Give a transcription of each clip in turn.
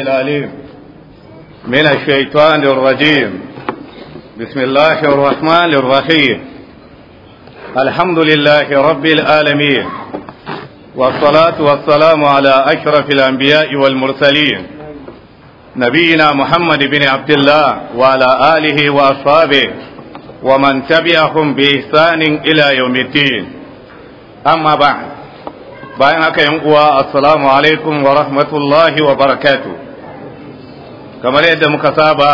العليم من الشيطان الرجيم بسم الله الرحمن الرحيم الحمد لله رب العالمين والصلاة والسلام على أشرف الأنبياء والمرسلين نبينا محمد بن عبد الله وعلى آله وأصحابه ومن تبعهم بإحسان إلى يوم الدين أما بعد بينك ينقوى السلام عليكم ورحمة الله وبركاته kamar yadda muka saba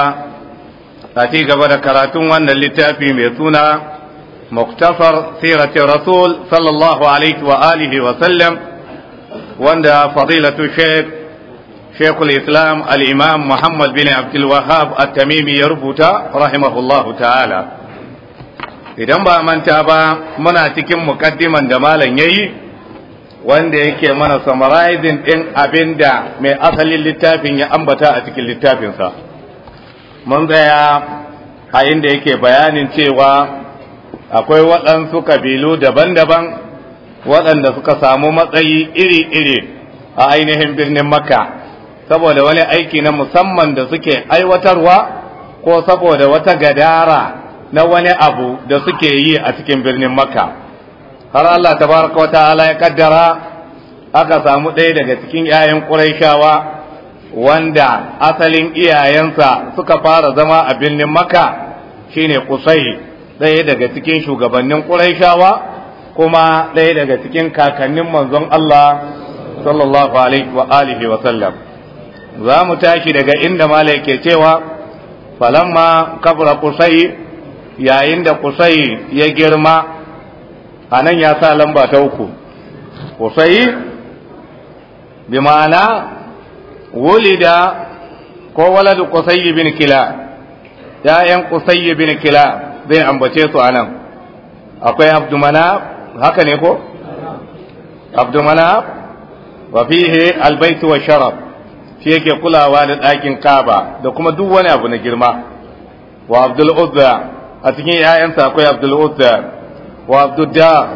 a ci gaba da karatun wannan littafi mai suna muktasar sirati rasul sallallahu alaihi wa alihi wa sallam wanda fadilatu sheikh shekul islam al-imam muhammad bin abdul wahab at-tamimi ya rubuta rahimahullahu ta'ala idan ba manta ba muna cikin muqaddiman da malam yayi wanda yake mana summarizing din abinda mai asalin littafin ya ambata a cikin littafinsa mun tsaya a inda yake bayanin cewa akwai waɗansu kabilu daban-daban waɗanda suka samu matsayi iri-iri a ainihin birnin makka saboda wani aiki na musamman da suke aiwatarwa ko saboda wata gadara na wani abu da suke yi a cikin birnin makka har Allah tabaraka wa ta'ala ya kaddara aka samu ɗaya daga cikin yayan Qurayshawa wanda asalin iyayensa suka fara zama a birnin Makka shine Qusay ɗaya daga cikin shugabannin Qurayshawa kuma ɗaya daga cikin kakannin manzon Allah sallallahu alaihi wa sallam za mu tashi daga inda malai ke cewa falamma kabra Qusay yayin da Qusay ya girma a nan ya sa lamba ta uku kusai bi ma'ana wulida ko waladu kusai bin kila ya'yan kusai bin kila zai ambace su a nan akwai abdumana haka ne ko abdumana wa fihi albayt wa sharaf shi yake kulawa da ɗakin kaba da kuma duk wani abu na girma wa abdul uzza a cikin 'ya'yansa akwai abdul uzza wa abduddar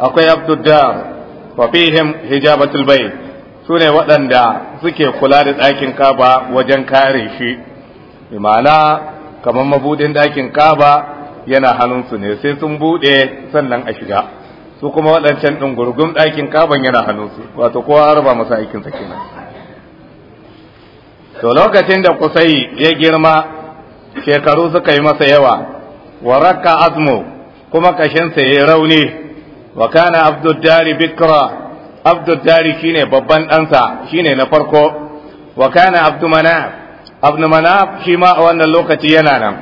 akwai abduddar wa fihim hijabatul bayt sune waɗanda suke kula da ɗakin kaba wajen kare shi imana kamar mabudin ɗakin kaba yana hannunsu ne sai sun buɗe sannan a shiga su kuma waɗancan ɗin gurgun ɗakin kaban yana hannunsu wato kowa raba masa aikinsa kenan to lokacin da kusai ya girma shekaru suka yi masa yawa waraka azmu kuma kashinsa ya yi rauni wa kana abduddari bikra abduddari shine babban ɗansa shine na farko wa kana abdumanaf abdumanaf shi ma a wannan lokaci yana nan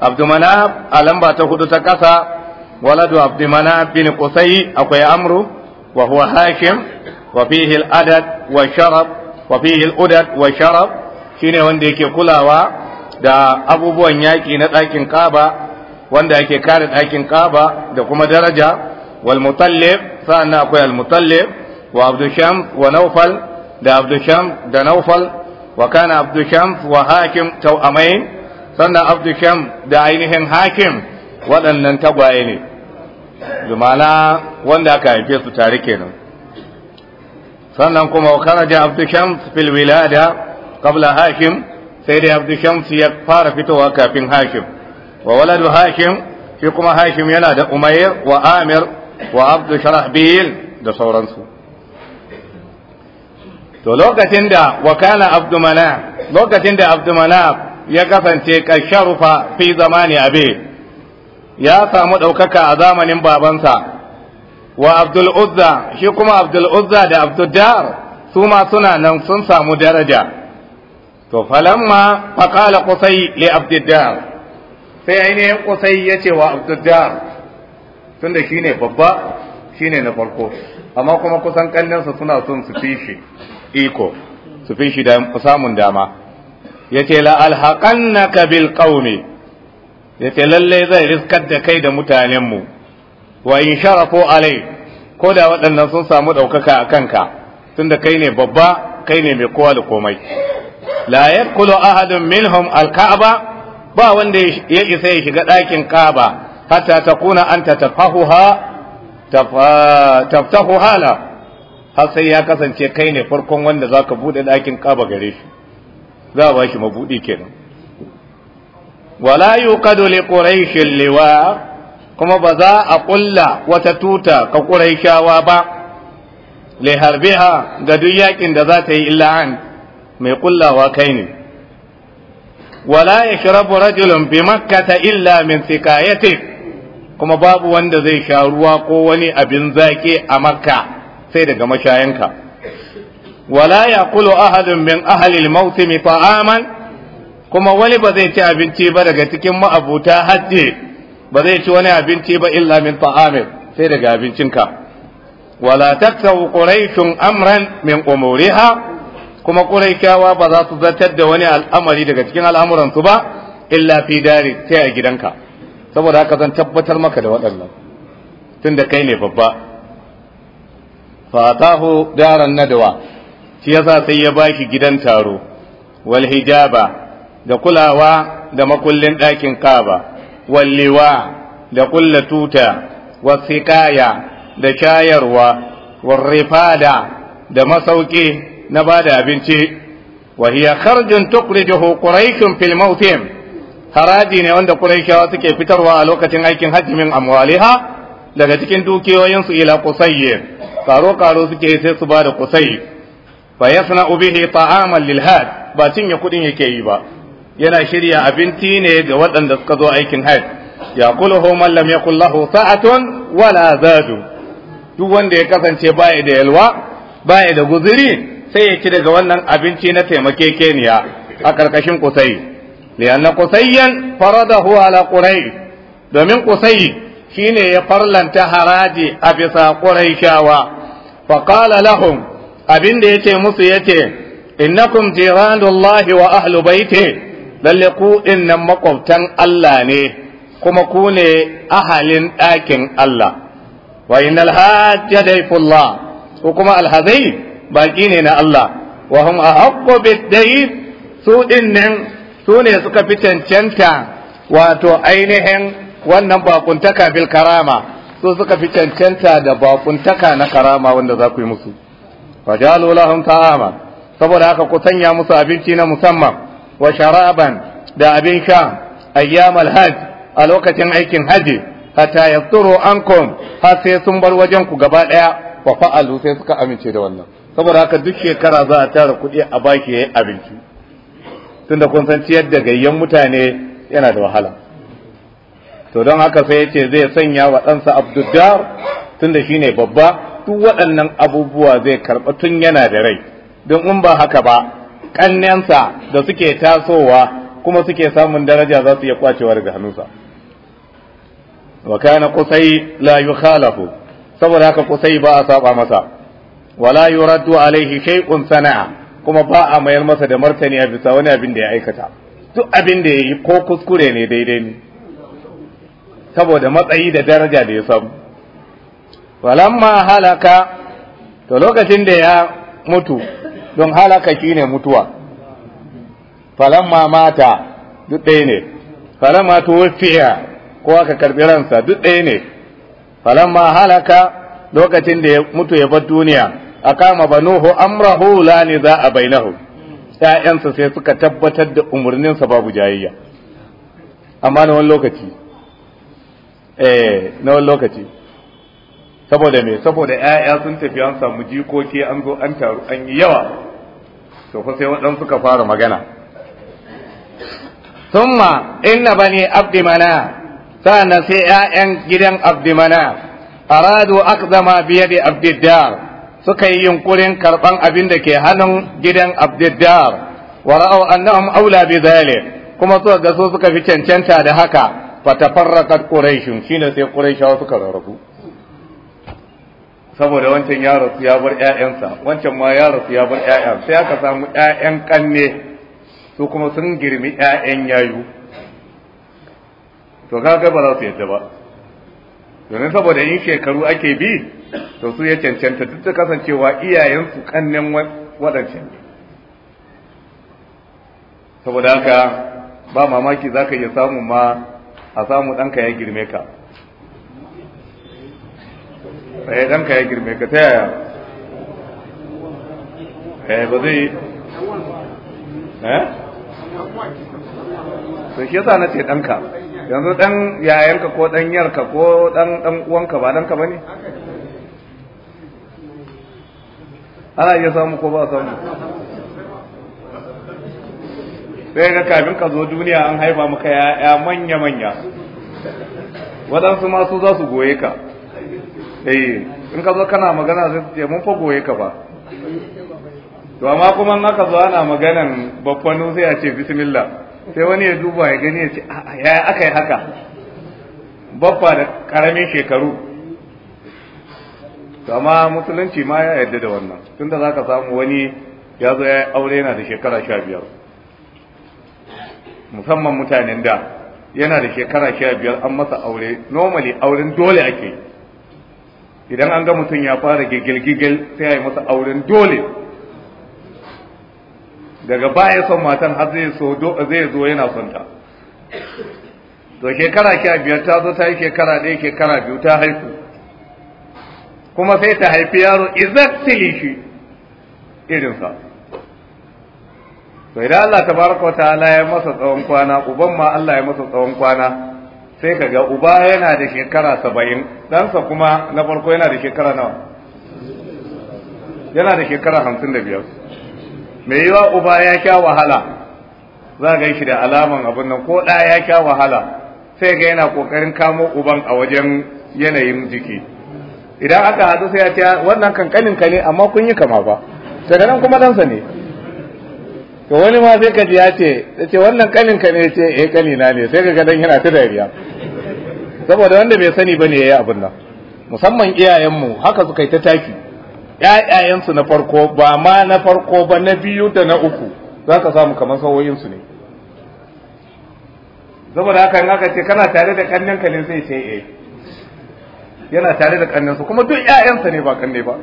abdumanaf a lamba ta hudu ta ƙasa waladu abdumanaf bin qusay akwai amru wa huwa hashim wa fihi al-adad wa sharab wa fihi al-udad wa sharab shine wanda yake kulawa da abubuwan yaki na ɗakin kaba wanda yake kare ɗakin kaba da kuma daraja wal mutallib sa'annan akwai al mutallib wa abdusham wa naufal da abdusham da naufal wa kana abdusham wa hakim tawamain sannan abdusham da ainihin hakim waɗannan tagwaye ne jumala wanda aka haife su tare kenan sannan kuma wa kharaja abdusham fil wilada qabla hakim sai dai abdusham ya fara fitowa kafin hakim wa waladu hashim shi kuma hashim yana da umair wa amir wa da sauransu to lokacin da Wakana abdu manaf lokacin da abdu manaf ya kasance kasharufa fi zamani abi ya samu ɗaukaka a zamanin babansa wa abdul uzza shi kuma abdul da abdul su ma suna nan sun samu daraja to falamma faqala qusay li abdul dar sai ainihin kusai ya ce wa abdujjar tunda ne babba shi ne na farko amma kuma kusan kallinsa suna son su fi shi iko su fi shi da samun dama ya ce na kabil ƙaumi ya ce lallai zai riskar da kai da mutanenmu wa in sharafo alai ko da waɗannan sun samu ɗaukaka a kanka tunda kai ne babba kai ne mai kowa da komai la yakulu ahadun minhum al ba wanda ya isa ya shiga ɗakin kaba hatta ta kuna an ta taftahu hala har sai ya kasance kai ne farkon wanda za ka buɗe ɗakin kaba gare shi za a ba shi mabuɗi kenan wala yuqadu li quraishin lewa kuma ba za a ƙulla wata tuta ka quraishawa ba li harbiha ga duk yakin da za ta yi illa an mai ƙullawa kai ne wala yashrabu rajulun bi makkata illa min thiqayati kuma babu wanda zai sha ruwa ko wani abin zaƙi a makka sai daga mashayanka wala yaqulu ahadun min ahli al-mawsim ta'aman kuma wani ba zai ci abinci ba daga cikin ma'abuta hajji ba zai ci wani abinci ba illa min ta'amin sai daga abincinka wala taktawu quraishun amran min umuriha kuma ƙurai kyawa ba za su zartar da wani al'amari daga cikin al'amuransu ba illa fi dari ta a gidanka saboda haka zan tabbatar maka da waɗannan tun da kai ne babba fatahu daran nadawa shi yasa sai ya baki gidan taro wal hijaba da kulawa da makullin ɗakin kaba wallewa da kulla tuta wasiƙaya da shayarwa warrifada da masauki na ba da abinci wa hiya kharjun tukhrijuhu quraishun fil haraji ne wanda quraishawa suke fitarwa a lokacin aikin hajji min amwaliha daga cikin dukiyoyin su ila kusaiye, karo karo suke sai su ba da qusayy fa yasna'u bihi ta'aman lil hajj ba cinye kudin yake yi ba yana shirya abinci ne ga waɗanda suka zo aikin hajj yaquluhu man lam yakul lahu sa'atun wala zadu duk wanda ya kasance baya da yalwa baya da guzuri sai ya ci daga wannan abinci na keniya a ƙarƙashin kusai liyanna kusayyan faradahu ala ƙurai, domin kusai shine ya farlanta haraji a bisa ƙurai shawa. qala lahum abin da yace musu yace innakum jiranullahi wa ahlu baiti lalle ku innan makwabtan Allah ne kuma ku ne ahalin ɗakin Allah wa innal hajja dayfullah ko kuma alhazai baki ne na Allah wa hum ahqqu bid-dayn su din su ne suka fi cancanta wato ainihin wannan bakuntaka bil karama su suka fi cancanta da bakuntaka na karama wanda za ku yi musu fajalu lahum ta'ama saboda haka ku sanya musu abinci na musamman wa sharaban da abin sha ayyamal hajj a lokacin aikin haji hatta yasturu ankum har sai sun bar wajen ku gaba daya wa fa'alu sai suka amince da wannan saboda haka duk shekara za a tara kuɗi a baki yayin abinci tunda kun san ciyar da gayyan mutane yana da wahala to don haka sai yace zai sanya wa ɗansa abdudar tunda shine babba duk waɗannan abubuwa zai karɓa tun yana da rai don in ba haka ba ƙannensa da suke tasowa kuma suke samun daraja za su iya kwacewa daga hannunsa wa kana qusay la yukhalafu saboda haka kusai ba a saba masa wala yuraddu alaihi shay'un sana'a kuma ba a mayar masa da martani a bisa wani abin da ya aikata duk abin da yayi ko kuskure ne daidai ne saboda matsayi da daraja da ya samu walamma halaka to lokacin da ya mutu don halaka shine mutuwa falamma mata duk ɗaya ne falamma tuwfiya ko aka karbi ransa duk ɗaya ne falamma halaka lokacin da ya mutu ya bar duniya aqama banuhu amrahu la niza'a bainahum ƴaƴansa sai suka tabbatar da umarninsa babu jayayya amma na wani lokaci eh na wani lokaci saboda me saboda ƴaƴa sun tafi an samu jikoki an zo an taru an yi yawa to fa sai waɗansu suka fara magana summa inna bani abdi mana sa'annan sai ƴaƴan gidan abdi mana aradu aqdama bi yadi abdi dar suka yi yunkurin karban abin da ke hannun gidan abdiddar wa ra'aw annahum aula bi zalik kuma suka ga su suka fi cancanta da haka tafarraqat quraish shine sai quraishawa suka rarrabu saboda wancan ya rasu ya bar ƴaƴansa wancan ma ya rasu ya bar ƴaƴa sai aka samu ƴaƴan kanne su kuma sun girmi ƴaƴan yayu to kaga ba za su yadda ba domin saboda in shekaru ake bi to su ya cancanta duk da kasancewa iyayensu kannen waɗancan ne saboda haka ba mamaki za ka iya samun ma a samu ɗanka ya girme ka ɗaya eh, ɗanka ya girme ka ta yaya eh ba zai eh? to shi yasa na ce ɗanka yanzu ɗan yayanka ko ɗanyarka yarka ko ɗan dan uwanka ba danka bane ana iya samu ko ba samu sai ga kafin ka zo duniya an haifa maka ya manya manya waɗansu masu za su goye ka eh in ka zo kana magana zai su ce mun fa goye ka ba to amma kuma in aka zo ana maganan babbanu sai a ce bismillah sai wani ya duba ya gani ya ce a yaya aka yi haka babba da karamin shekaru amma musulunci ma ya yarda da wannan tunda za ka samu wani ya zo ya aure yana da shekara sha biyar musamman mutanen da yana da shekara sha biyar an masa aure normally auren dole ake idan an ga mutum ya fara gigil-gigil sai ya yi masa auren dole daga baya son matan har zai zo yana son ta to shekara sha biyar ta zo ta yi shekara ɗaya shekara biyu ta haihu kuma sai ta haifi yaro exactly shi irinsa to idan Allah tabaraka ta'ala ya masa tsawon kwana uban ma Allah ya masa tsawon kwana sai kaga uba yana da shekara saba'in ɗansa kuma na farko yana da shekara nawa yana da shekara hamsin da biyar mai yiwa uba ya kya wahala za ga shi da alaman abin nan ko ɗa ya kya wahala sai ga yana kokarin kamo uban a wajen yanayin jiki idan aka hadu sai ya ce wannan kankanin ka ne amma kun yi kama ba daga nan kuma ɗansa ne to wani ma sai ji ya ce ce wannan kanin ka ne ce eh na ne sai ga dan yana ta dariya saboda wanda bai sani bane yayi abin nan musamman iyayenmu haka suka yi ta taki ƴaƴayensu na farko ba ma na farko ba na biyu da na uku za ka samu kamar sauyinsu ne saboda haka in aka ce kana tare da kanninka ne zai ce eh yana tare da kanninsu kuma duk ƴaƴansa ne ba kanne ba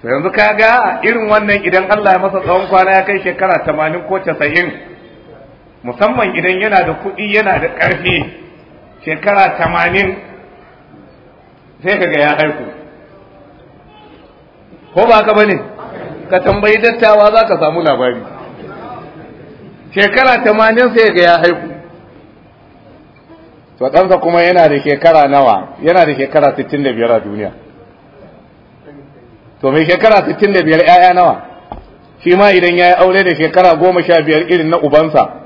to yanzu ka ga irin wannan idan Allah ya masa tsawon kwana ya kai shekara tamanin ko casa'in musamman idan yana da kuɗi yana da ƙarfi shekara tamanin sai kaga ya haiku ko ba ka bane ka tambayi dattawa za ka samu labari shekara tamanin sai ga ya haiku to ɗansa kuma yana da shekara nawa yana da shekara 65 a duniya to mai shekara 65 ‘ya'ya nawa shi ma idan ya yi aure da shekara 15 irin na ubansa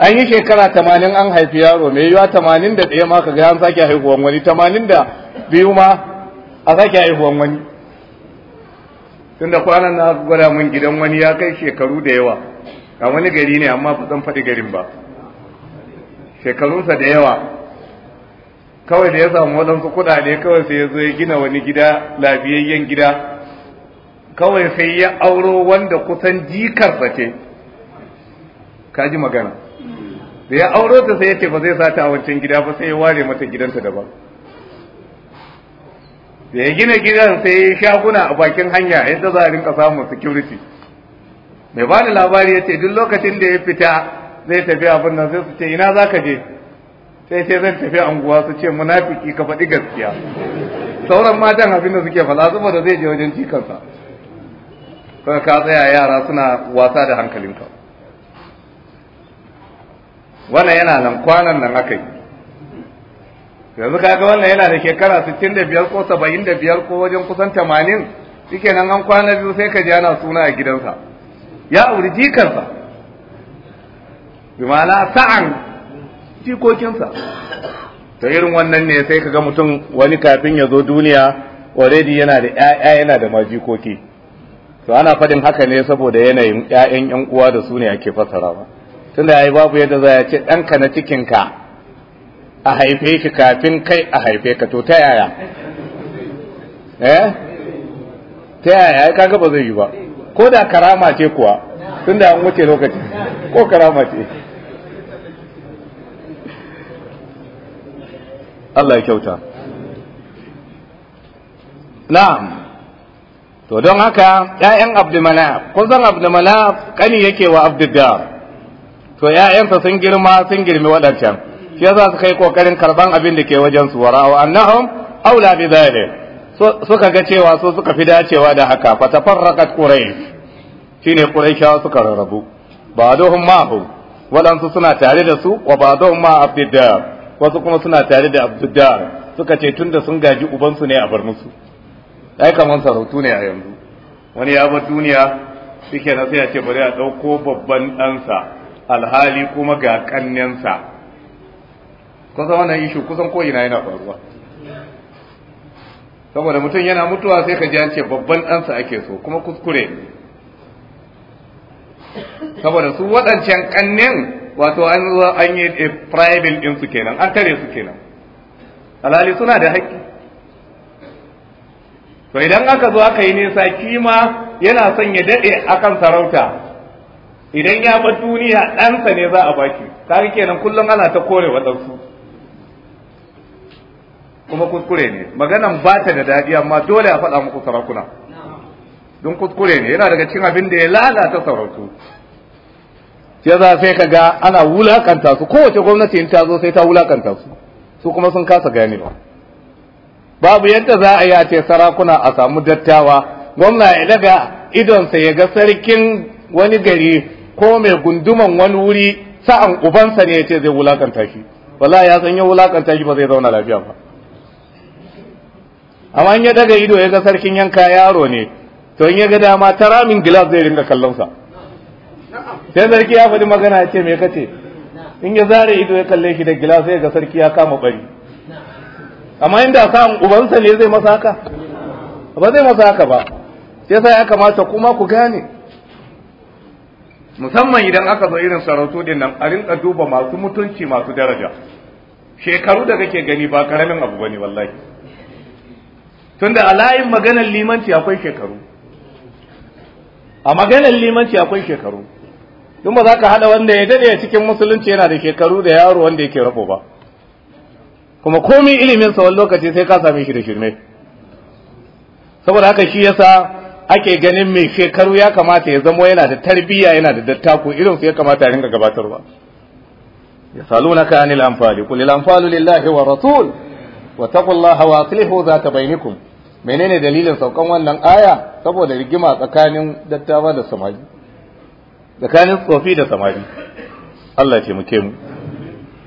an yi shekara tamanin an haifi yaro mai yiwa tamanin da ɗaya ma ka ga an sake haihuwan wani tamanin da biyu ma a sake haihuwan wani tunda kwanan na gwada mun gidan wani ya kai shekaru da yawa a wani gari ne amma ba zan faɗi garin ba shekarunsa da yawa kawai da ya samu waɗansu kuɗaɗe kawai sai ya zo ya gina wani gida lafiyayyen gida kawai sai ya auro wanda kusan jikarsa ce ka ji magana da ya auro ta sai ya ce ba zai sata a wancan gida ba sai ya ware mata gidanta daban da ya gina gidan sai ya shaguna a bakin hanya yadda za a rinka samun security mai ba da labari ya ce duk lokacin da ya fita zai tafi abin nan sai su ce ina za ka je sai ce zan tafi anguwa su ce munafiki ka faɗi gaskiya sauran matan abin da suke faɗa saboda zai je wajen cikansa ka tsaya yara suna wasa da hankalinka wannan yana nan kwanan nan aka yi yanzu kaga wannan yana da shekara 65 ko 75 ko wajen kusan 80 shike nan an kwana biyu sai ka ji ana suna a gidansa ya auri jikarsa bi sa'an jikokinsa ta irin wannan ne sai ka ga mutum wani kafin ya zo duniya already yana da 'ya'ya yana da majikoki to ana faɗin haka ne saboda yanayin 'ya'yan 'yan uwa da su ne ake ba. tunda yi babu yadda za ya ce ɗanka na cikinka a haife ki kafin kai a haife ka to ta yaya eh ta yaya kaga ba zai yi ba ko da karama ce kuwa tunda an wuce lokaci ko karama ce Allah ya kyauta na'am to don haka ƴaƴan abdulmanaf kun san abdulmanaf kani yake wa abdullah to ya'yansa sun girma sun girmi waɗancan shi yasa suka yi kokarin karban abin da ke wajen su wara'u annahum aula bi dhalik suka ga cewa su suka fi dacewa da haka fa tafarraqat quraish shine quraishawa suka rarrabu ba'dhum ma'hu waɗansu suna tare da su wa ba'dhum ma abdiddar wasu kuma suna tare da abdiddar suka ce tunda sun gaji ubansu ne a bar musu ai kaman sarautu ne a yanzu wani ya bar duniya shi na nasu ya ce bari a ɗauko babban ɗansa alhali kuma ga kannensa kusan nan ishu kusan ko ina yana faruwa saboda mutum yana mutuwa sai ka ji ce babban ɗansa ake so kuma kuskure saboda su waɗancan ƙannen wato an zuwa an yi a private ɗin su kenan an tare su kenan alhali suna da haƙƙi to idan aka zo aka yi nisa kima yana son ya daɗe akan sarauta idan ya bar duniya ɗansa ne za a baki kaga kenan kullum ana ta kore waɗansu kuma kuskure ne maganan ba ta da daɗi amma dole a faɗa muku sarakuna don kuskure ne yana daga cin abin da ya lalata sarautu ya za sai ka ga ana wulakanta su kowace gwamnati in ta zo sai ta wulakanta su su kuma sun kasa ganewa babu yadda za a yi a sarakuna a samu dattawa gwamna ya daga idonsa ya ga sarkin wani gari ko mai gunduman wani wuri sa'an ubansa ne ya ce zai wulakanta shi wallahi ya san ya wulakanta shi ba zai zauna lafiya ba amma in ya daga ido ya ga sarkin yanka yaro ne to in ya ga dama ta ramin gilas zai ringa kallon sa sai sarki ya faɗi magana ya ce me kace in ya zare ido ya kalle shi da gilas zai ga sarki ya kama bari amma inda sa'an ubansa ne zai masa haka ba zai masa haka ba sai ya kamata kuma ku gane musamman idan aka zo irin sarautu din nan a rinka duba masu mutunci masu daraja shekaru da kake gani ba karamin abu bane wallahi tunda a layin maganar limanci akwai shekaru a maganar limanci akwai shekaru Tun ba za ka haɗa wanda ya daɗe cikin musulunci yana da shekaru da yaro wanda yake rabo ba kuma komai ilimin sa wani lokaci sai ka same shi da shirme saboda haka shi yasa ake ganin mai shekaru ya kamata ya zamo yana da tarbiyya yana da dattako irin su ya kamata ya ringa gabatarwa Ya salu na kayan ilamfali kuli anfalu lillahi wa rasul wa taqullaha wa aslihu zata bainikum. menene dalilin saukan wannan aya saboda rigima tsakanin dattawa da samari tsakanin tsofi da samari Allah ce muke mu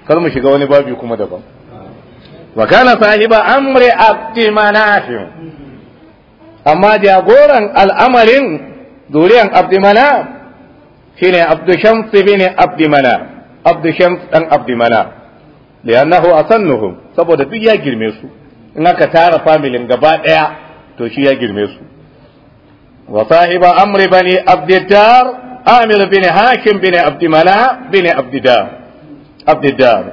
kar mu shiga wani babi kuma daban wa kana sahiba amri abdi manafi amma jagoran al'amarin zuriyan abdimana shine abdushams bin abdimana abdushams dan abdimana san nuhu saboda duk ya girme su in aka tara familin gaba daya to shi ya girme su wa sahiba amri bani abdiddar amir bin hakim bin abdimana bin abdiddar abdiddar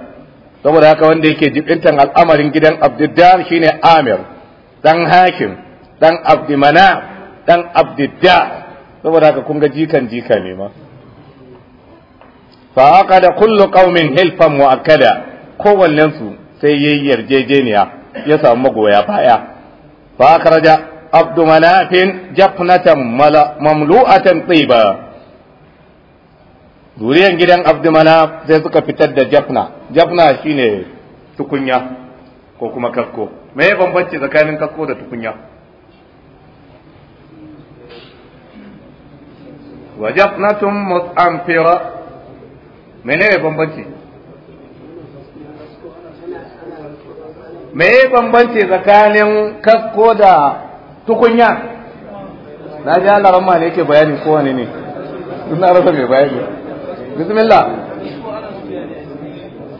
saboda haka wanda yake jibintan al'amarin gidan abdiddar shine amir dan hakim dan abdi mana dan abdi da saboda haka kun ga jikan jika ne ma fa aqada kullu qaumin hilfan muakkada kowannen su sai yayi yarjejeniya ya samu magoya baya fa akhraja abdu manafin jafnatan mamlu'atan tiba zuriyan gidan manaf sai suka fitar da jafna jafna shine tukunya ko kuma kasko me ya bambanci tsakanin kasko da tukunya wa jafnatun mene menene bambanci me bambanci tsakanin kasko da tukunya na ji Allah ramma ne yake bayani ko wani ne ina rasa mai bayani bismillah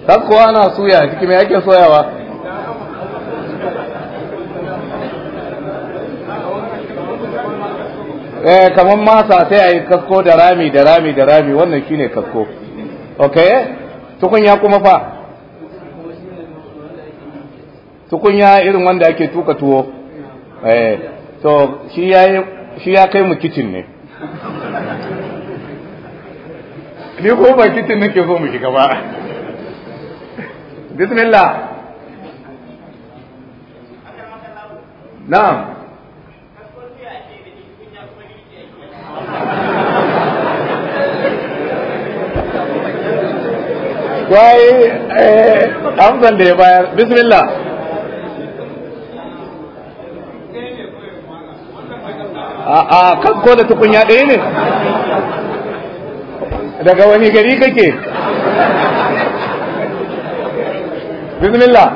kasko ana suya cikin me yake soyawa eh ma masa sai ayi kasko da rami da rami da rami wannan shine kasko okay tukunya kuma fa tukunya irin wanda ake tuka tuwo eh so shi ya shi ya kai mu kitchen ne ni ko ba kitchen nake so mu shiga ba bismillah na'am wai eh, amsan da ya bayar bismillah a kan ko da tukunya ɗaya ne daga wani gari kake bismillah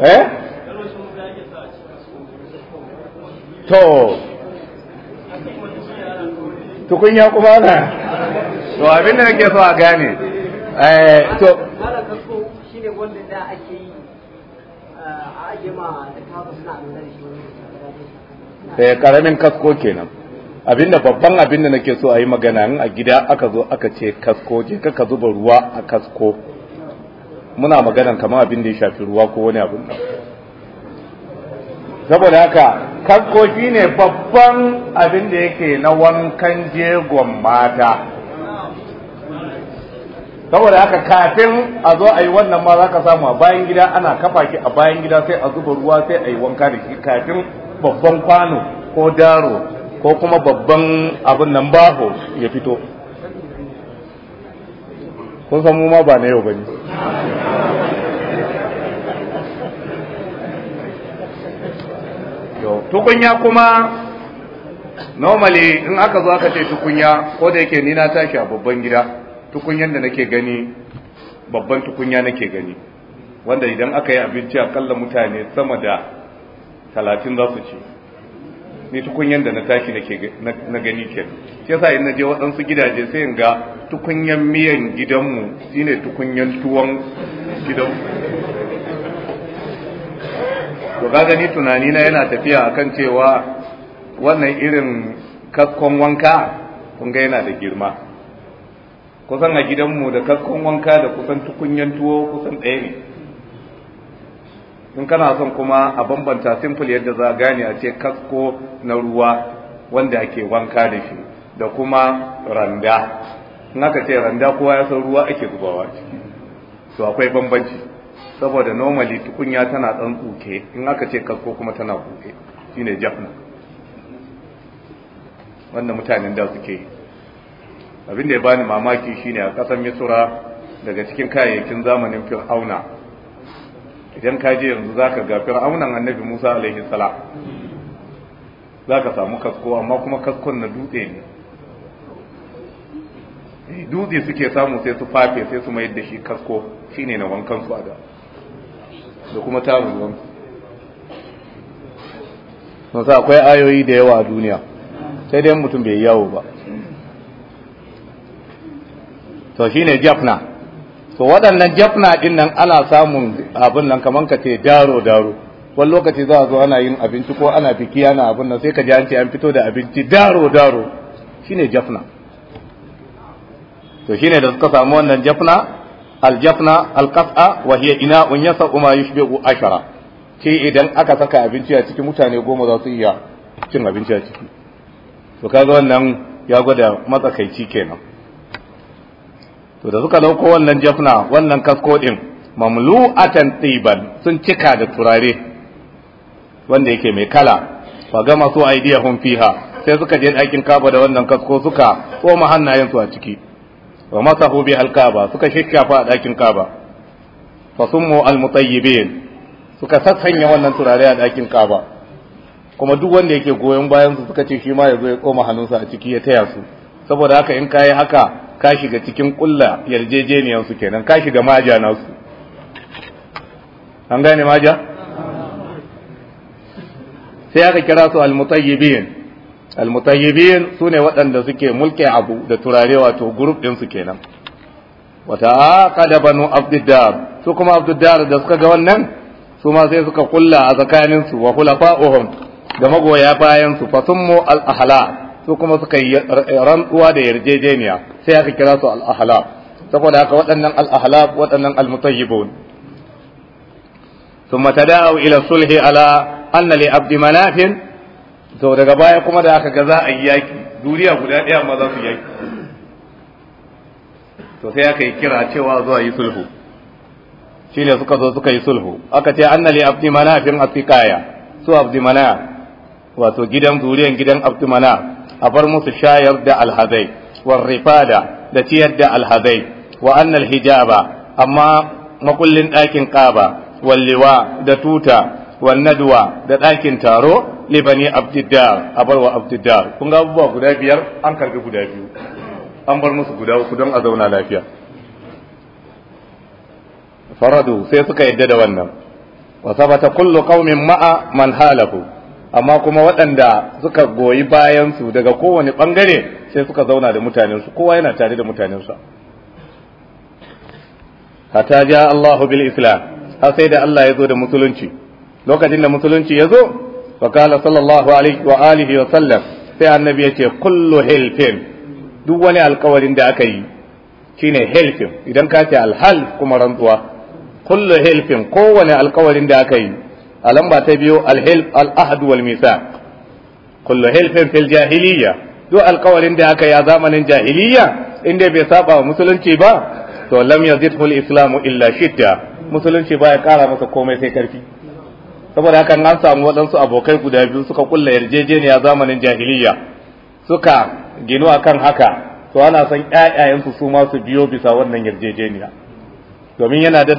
eh to ya kuma na to abin da nake so a gane eh to shine wanda da ake yi eh, a ake ma da kafa suna shi karamin eh, kasko kenan abinda babban abinda nake so a yi magana in a gida aka zo aka ce kasko je ka zuba ruwa a kasko muna maganan kamar abin da ya shafi ruwa ko wani abin nan saboda haka kanko ne babban abin da yake na wankan jegon mata saboda haka kafin a zo a yi wannan ma za ka samu a bayan gida ana kafa ki a bayan gida sai a zuba ruwa sai a yi wanka da shi kafin babban kwano ko daro ko kuma babban abin nan baho ya fito kun san mu ma ba na yau ba ne. tukunya kuma normally in aka zo aka ce tukunya ko da yake ni na tashi a babban gida tukunyan da nake gani babban tukunya nake gani wanda idan aka yi abinci a akalla mutane sama da talatin za su ci ni tukunyan da na tashi na gani ke shi yasa in je waɗansu gidaje sai in ga tukunyan miyan gidanmu shine tukunyan tuwon gidanmu to ga gani tunani na yana tafiya akan cewa wannan irin kakkon wanka kun ga yana da girma kusan a gidanmu da kakkon wanka da kusan tukunyan tuwo kusan ɗaya ne in kana son kuma a bambanta simple yadda za a gane a ce kasko na ruwa wanda ake wanka da shi da kuma randa in aka ce randa kowa ya san ruwa ake zubawa ciki to akwai bambanci saboda normally tukunya tana dan tsuke in aka ce kasko kuma tana kuke shine jafna wanda mutanen da suke abin da ya bani mamaki shine a kasan misura daga cikin kayayyakin zamanin fir'auna idan ka je yanzu zaka ga fir'aunan annabi Musa alaihi salam zaka samu kasko amma kuma kaskon na dutse ne eh, dutse suke samu sai su fafe sai su mayar da shi kasko shine na wankan su a da da kuma tarin ruwan sun akwai ayoyi da yawa a duniya sai dai mutum bai yawo ba to shi ne jafna to waɗannan jafna ɗin nan ana samun abin nan kamar ka ce daro daro wani lokaci za a zo ana yin abinci ko ana biki ana abin nan sai ka ji an ce an fito da abinci daro daro shi ne jafna to shi ne da suka samu wannan jafna aljafna alqas'a wa hiya ina'un yasau kuma yushbihu ashara ce idan aka saka abinci a ciki, mutane goma za su iya cin abinci a ciki to kaga wannan ya gwada matsakaici kenan to da suka dauko wannan jafna wannan kasko din mamlu'atan tiban sun cika da turare wanda yake mai kala fa gama su aidiyahum fiha sai suka je ɗakin kaba da wannan kasko suka tsoma su a ciki wa masahu bi alkaba suka shashafa a dakin kaba fa summu almutayyibin suka sassanya wannan turare a dakin kaba kuma duk wanda yake goyon bayan su suka ce shi ma ya zo ya koma hannunsa a ciki ya taya su saboda haka in kayi haka ka shiga cikin kulla yarjejeniyar su kenan ka shiga maja nasu an gane maja sai aka kira su almutayyibin almutayyibin sune waɗanda suke mulke abu da turare wato guruf din su kenan wata aqada banu abdiddar su kuma abdiddar da suka ga wannan su ma sai suka kulla a tsakanin su wa khulafa'uhum da magoya bayan su fasummu al-ahla su kuma suka yi rantsuwa da yarjejeniya sai aka kira su al-ahla saboda haka waɗannan al-ahla waɗannan al-mutayyibun ثم تداعوا إلى الصلح على أن لعبد مناف to daga baya kuma da aka ga za a yi yaki duniya guda ɗaya ma za su yaki to sai aka yi kira cewa zuwa yi sulhu ne suka zo suka yi sulhu aka ce an li abdi fin afrikaya su abdi mana wato gidan zuriyan gidan abdi mana a bar musu shayar da alhazai wa rifada da ciyar da alhazai wa hijaba amma makullin ɗakin ƙaba, wallewa da tuta wal da ɗakin taro li bani abdiddar a barwa abdiddar kun ga abubuwa guda biyar an karbi guda biyu an bar musu guda uku don a zauna lafiya faradu sai suka yadda da wannan wa sabata kullu qaumin ma'a man halahu amma kuma waɗanda suka goyi bayan su daga kowane bangare sai suka zauna da mutanen su kowa yana tare da mutanen sa hatta ja Allahu bil islam sai da Allah ya zo da musulunci lokacin da musulunci ya zo fa kala sallallahu alaihi wa sallam sai annabi ya ce kullu hilfin duk wani alkawarin da aka yi shine hilfin idan ka ce alhal kuma rantsuwa kullu hilfin kowane alkawarin da aka yi a lamba ta biyu alhilf al'ahd wal misa kullu hilfin fil jahiliya duk alkawarin da aka yi a zamanin jahiliya inda bai saba musulunci ba to lam yazidhu al-islamu illa shidda musulunci ba ya kara masa komai sai karfi saboda haka an samu waɗansu abokai guda biyu suka kulla yarjejeniya zamanin jahiliya suka ginu kan haka to ana son ƴaƴayensu su ma su biyo bisa wannan yarjejeniya domin yana da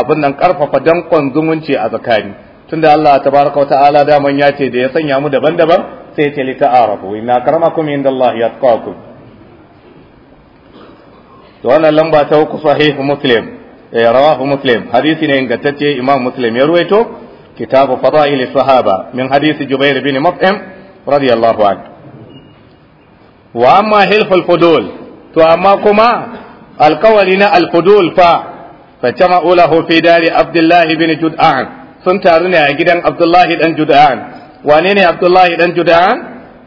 abin nan ƙarfafa dankon zumunci a tsakani tunda Allah tabaraka wata'ala daman ya ce da ya sanya mu daban-daban sai ya ce li ta'arafu inna karamakum indallahi yatqakum to wannan lamba ta uku sahih muslim eh rawahu muslim hadisi ne ingantacce imam muslim ya ruwaito كتاب فضائل الصحابة من حديث جبير بن مطعم رضي الله عنه وأما حلف الفضول وأما كما القولنا الفضول فا فجمعوا له في دار عبد الله بن جدعان سنتارنا جدا عبد الله بن جدعان وانين عبد الله بن جدعان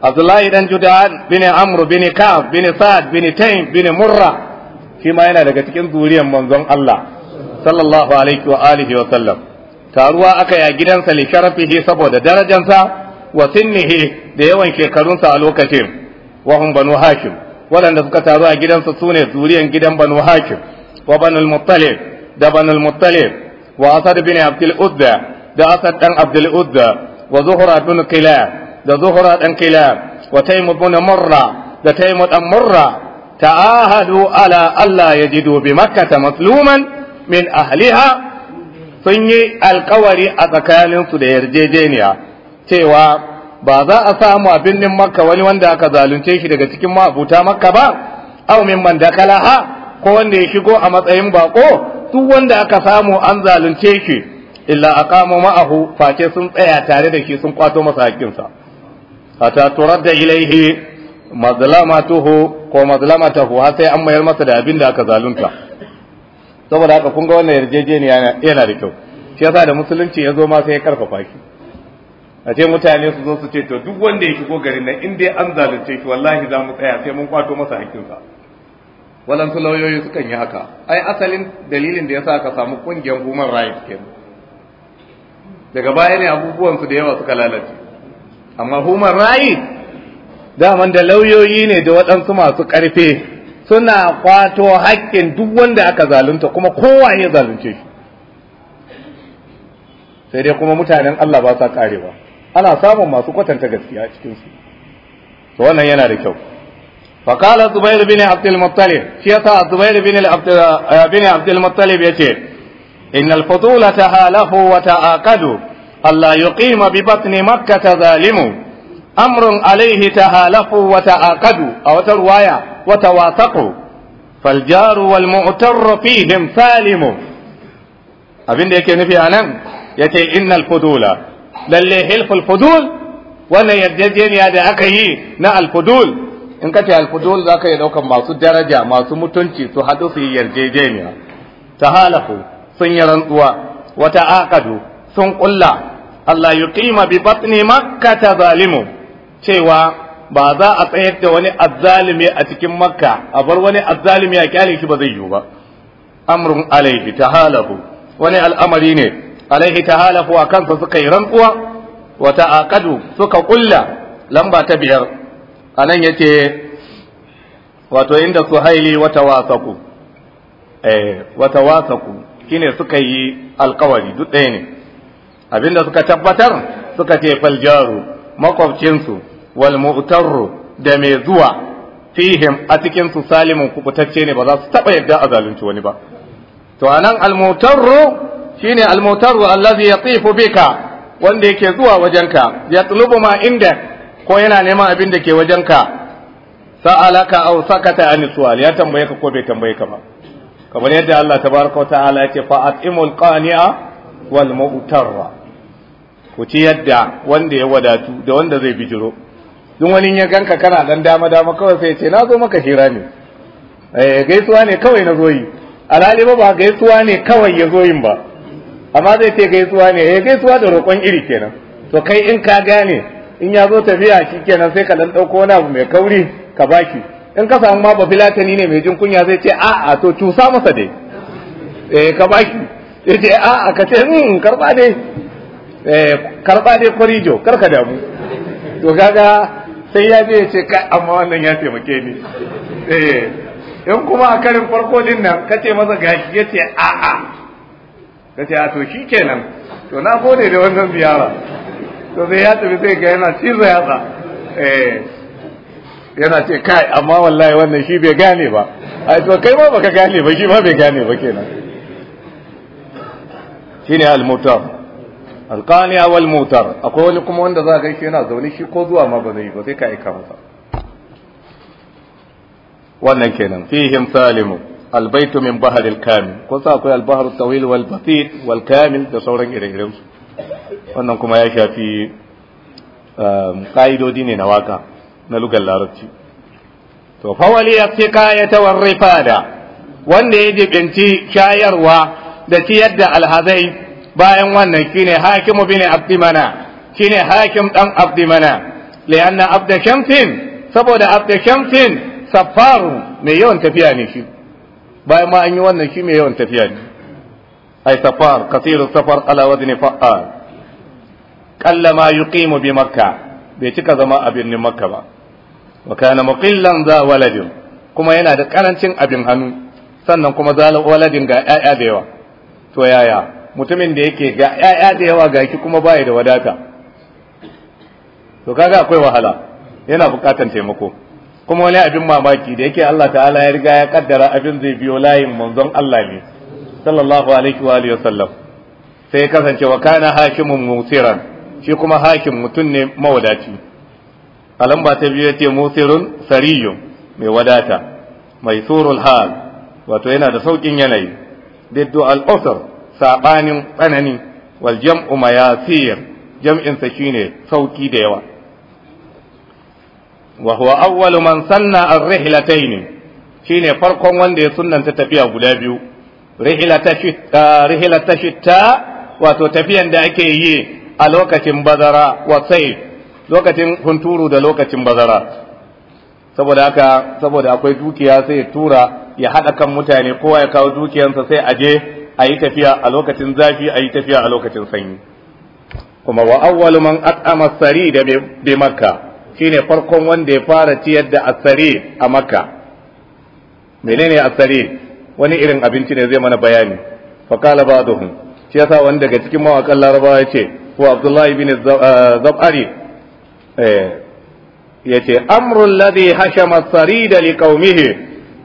عبد الله بن جدعان بن عمرو بن كعب بن سعد بن تيم بن مرة فيما ينا daga cikin zuriyar manzon Allah sallallahu alaihi wa alihi wa sallam taruwa aka ya gidansa li sharafihi saboda darajansa wa sinnihi da yawan shekarunsa a lokacin wa hum banu hashim waɗanda suka taru a gidansa sune zuriyan gidan banu hashim wa banul muttalib da banul muttalib wa asad bin abdul uzza da asad dan abdul uzza wa zuhra bin qilab da zuhra dan qilab wa taymud bin murra da taymud dan murra ta'ahadu ala alla yajidu bi makkah masluman min ahliha sun yi alkawari a tsakaninsu da yarjejeniya cewa ba za a samu a birnin makka wani wanda aka zalunce shi daga cikin mabuta makka ba Au min man dakalaha ko wanda ya shigo a matsayin bako duk wanda aka samu an zalunce shi illa aqamu ma'ahu face sun tsaya tare da shi sun kwato masa hakkinsa hatta turadda ilaihi mazlamatuhu ko mazlamatahu har sai an mayar masa da abin da aka zalunta saboda haka kun ga wannan yarjejeniya yana da kyau shi yasa da musulunci ya zo ma sai ya karfafa shi a ce mutane su zo su ce to duk wanda ya shigo garin nan in dai an zalunce shi wallahi za mu tsaya sai mun kwato masa hakkinsa walansu lauyoyi sukan yi haka ai asalin dalilin da yasa aka samu kungiyar human rights kenan daga baya ne abubuwan su da yawa suka lalace amma human rights daman da lauyoyi ne da waɗansu masu ƙarfe suna kwato hakkin duk wanda aka zalunta kuma kowa ya zalunce shi sai dai kuma mutanen Allah ba sa karewa ana samun masu kwatanta gaskiya cikin su to wannan yana da kyau fa qala zubair bin abd al-muttalib shi yasa zubair bin abd eh, bin abd al-muttalib yace innal fudula tahalahu wa ta'aqadu alla yuqima bi batni makkah zalimu amrun alayhi tahalahu wa ta'aqadu a wata ruwaya وتواثقوا فالجار والمعتر فيهم Salimu, abin da yake nufi a nan ya ce innal fudula lalle hilful fudul wannan yarjejeniya da aka yi na alfudul in ka ce alfudul za ka yi ɗaukar masu daraja masu mutunci su haɗu su yi yarjejeniya ta halafu sun yi rantsuwa wata akadu sun ƙulla Allah ya kima bi batni makka ta zalimu cewa ba za a tsayar da wani azzalimi a cikin makka a bar wani azzalimi a kyale shi ba zai yiwu ba amrun alaihi tahalahu wani al'amari ne alaihi tahalahu a kansa suka yi rantsuwa wa ta'aqadu suka kulla lamba ta biyar anan yace wato inda suhaili wa tawasaku eh wa tawasaku kine suka yi alkawari duk ɗaya ne abinda suka tabbatar suka ce faljaru makwabcinsu wal da mai zuwa fihim a cikin su salimun kubutacce ne ba za su taba yadda a zalunci wani ba to anan al mu'tarru shine al mu'tarru allazi yatifu bika wanda yake zuwa wajenka yatlubu ma inda ko yana neman abin da ke wajenka sa'alaka aw sakata an su'al ya tambaye ka ko bai tambaye ka ba kamar yadda Allah tabaraka wa ta'ala yake fa at'imul qani'a wal mu'tarra ku ci yadda wanda ya wadatu da wanda zai bijiro in wani ya ganka kana dan dama dama kawai sai ce na zo maka hira ne eh gaisuwa ne kawai na zo yi ba gaisuwa ne kawai ya zo yin ba amma zai ce gaisuwa ne eh gaisuwa da roƙon iri kenan to kai in ka gane in ya zo tafiya shi kenan sai ka dan dauko wani abu mai kauri ka baki in ka samu ma ba filatani ne mai jin kunya zai ce a'a to cusa masa dai eh ka baki ya ce a'a ka ce hmm karba dai eh karba dai kwarijo kar ka damu to kaga sai ya je ya ce kai amma wannan ya taimake ni eh in kuma a karin farko din nan ka ce masa gashi ya ce a a ka ce a to shi kenan to na gode da wannan ziyara to sai ya tafi sai ga yana cizo yatsa eh yana ce kai amma wallahi wannan shi bai gane ba ai to kai ma baka gane ba shi ma bai gane ba kenan shine al mutawwa alqani wal motar akwai wani kuma wanda za ga shi yana zaune shi ko zuwa ma ba zai ba sai ka aika masa wannan kenan fihim salimu albaitu min bahar kamil ko sa akwai albahar tawil wal basit wal kamil da sauran ire-iren su wannan kuma ya shafi ƙa'idodi um, ne na waka na lugar larabci to fawali ya kaya ta wa da wanda ya jibinci shayarwa da ciyar da alhazai bayan wannan shine hakimu bin abdimana shine hakim dan abdimana lianna abda shamsin saboda abda shamsin safaru mai yawan tafiya ne shi bayan ma an yi wannan shi mai yawan tafiya ne ai safar kasiru safar ala wadni fa'al qalla ma yuqimu bi makka bai cika zama a birnin makka ba wa kana muqillan za waladin kuma yana da karancin abin hannu sannan kuma za waladin ga 'ya'ya da yawa to yaya mutumin da yake ga ya'ya da yawa ga ki kuma baya da wadata to kaga akwai wahala yana bukatan taimako kuma wani abin mamaki da yake Allah ta'ala ya riga ya kaddara abin zai biyo layin manzon Allah ne sallallahu alaihi wa alihi wasallam sai ya kasance wa kana hakimun musiran shi kuma hakim mutum ne mawadaci alam ba ta biyu yace musirun sariyu mai wadata mai surul hal wato yana da saukin yanayi biddu al-usr Saɓanin tsananin, wal jam'u mayasir jam'in sa shine sauki da yawa wa huwa awwalu man sanna ar-rihlatayn shine farkon wanda ya sunnanta tafiya guda biyu rihlata shitta wato tafiyan da ake yi a lokacin bazara wa sai lokacin hunturu da lokacin bazara saboda haka saboda akwai dukiya sai ya tura ya haɗa kan mutane kowa ya kawo dukiyansa sai aje a yi tafiya a lokacin zafi a yi tafiya a lokacin sanyi kuma wa awwalu man at'ama sari da bi makka shine farkon wanda ya fara ciyar da asari a makka menene asari wani irin abinci ne zai mana bayani fa qala ba'dhum shi yasa wani daga cikin mawakan larabawa yace ko abdullahi ibn eh, zab'ari eh yace amru alladhi hashama sarida liqaumihi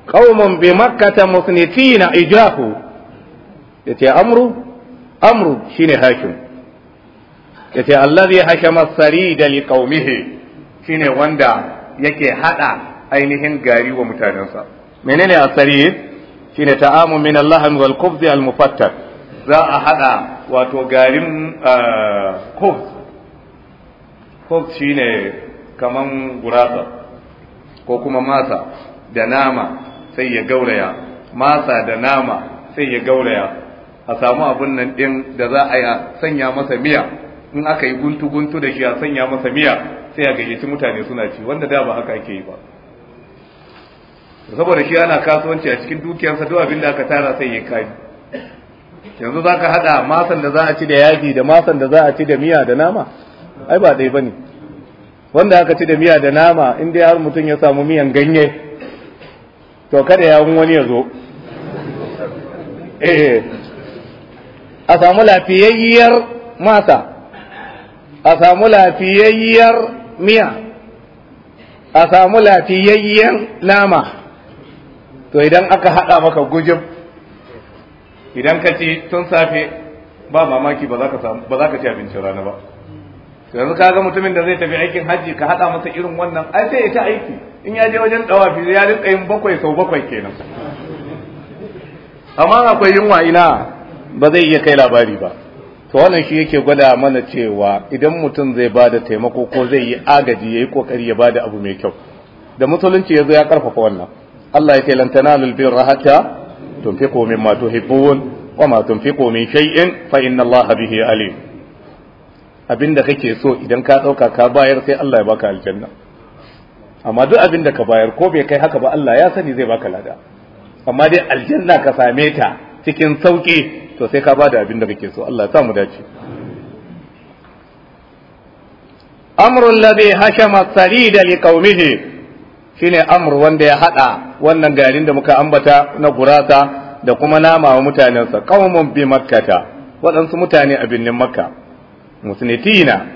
qaumun bi makkata musnitina ijahu ya ce amru amru shine hakim ya ce allazi hashama sarida li shine wanda yake haɗa ainihin gari wa mutanensa menene asari shine ta'amu min Allah wal khubz al mufattar za a hada wato garin ah, khubz khubz shine kaman gurasa ko kuma masa da nama sai ya gauraya masa da nama sai ya gauraya a samu abun nan din da za a sanya masa miya in aka yi guntu guntu da shi a sanya masa miya sai a gayyaci mutane suna ci wanda da ba haka ake yi ba saboda shi ana kasuwanci a cikin dukiyarsa duk abin da aka tara sai ya kai yanzu za ka haɗa masan da za a ci da yaji da masan da za a ci da miya da nama ai ba ɗaya ba ne wanda aka ci da miya da nama in dai har mutum ya samu miyan ganye to kada ya wani ya zo eh a samu lafiyayyar masa a samu lafiyayyar miya a samu lafiyayyen nama to idan aka haɗa maka gujin idan ka ci tun safe ba mamaki ba za ka ci abincin rana ba yanzu ka ga mutumin da zai tafi aikin hajji ka haɗa masa irin wannan ai sai ya ta aiki in ya je wajen ɗawafi ya rinka yin bakwai sau bakwai kenan amma akwai yunwa ina ba zai iya kai labari ba to wannan shi yake gwada mana cewa idan mutum zai bada taimako ko zai yi agaji ya yi kokari ya ba da abu mai kyau da musulunci ya ya karfafa wannan Allah ya ce lan tanalul birra hatta tunfiqu mimma tuhibbun wa ma tunfiqu min shay'in fa inna Allah bihi alim abinda kake so idan ka dauka ka bayar sai Allah ya baka aljanna amma duk abinda ka bayar ko bai kai haka ba Allah ya sani zai baka lada amma dai aljanna ka same ta cikin sauki to sai ka bada abin da kake so Allah ya mu dace amrul ladhi hashama sarida liqaumihi shine amr wanda ya hada wannan garin da muka ambata na gurasa da kuma nama wa mutanensa qaumun bi makkata waɗansu mutane a binnin makka musnitina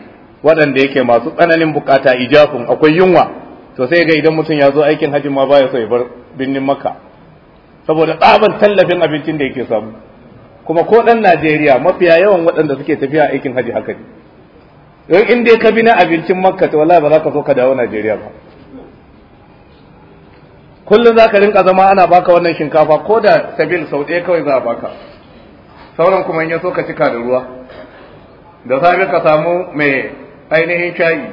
waɗanda yake masu tsananin bukata ijafun akwai yunwa to sai ga idan mutum ya zo aikin hajji ma baya so ya bar binnin makka saboda tsaban tallafin abincin da yake samu kuma ko dan Najeriya mafiya yawan waɗanda suke tafiya aikin haji haka ne don in dai ka bi na abincin Makka to wallahi ba za ka so ka dawo Najeriya ba kullum za ka rinka zama ana baka wannan shinkafa ko da sabil sau ɗaya kawai za a baka sauran kuma in ya so ka cika da ruwa da safe ka samu mai ainihin shayi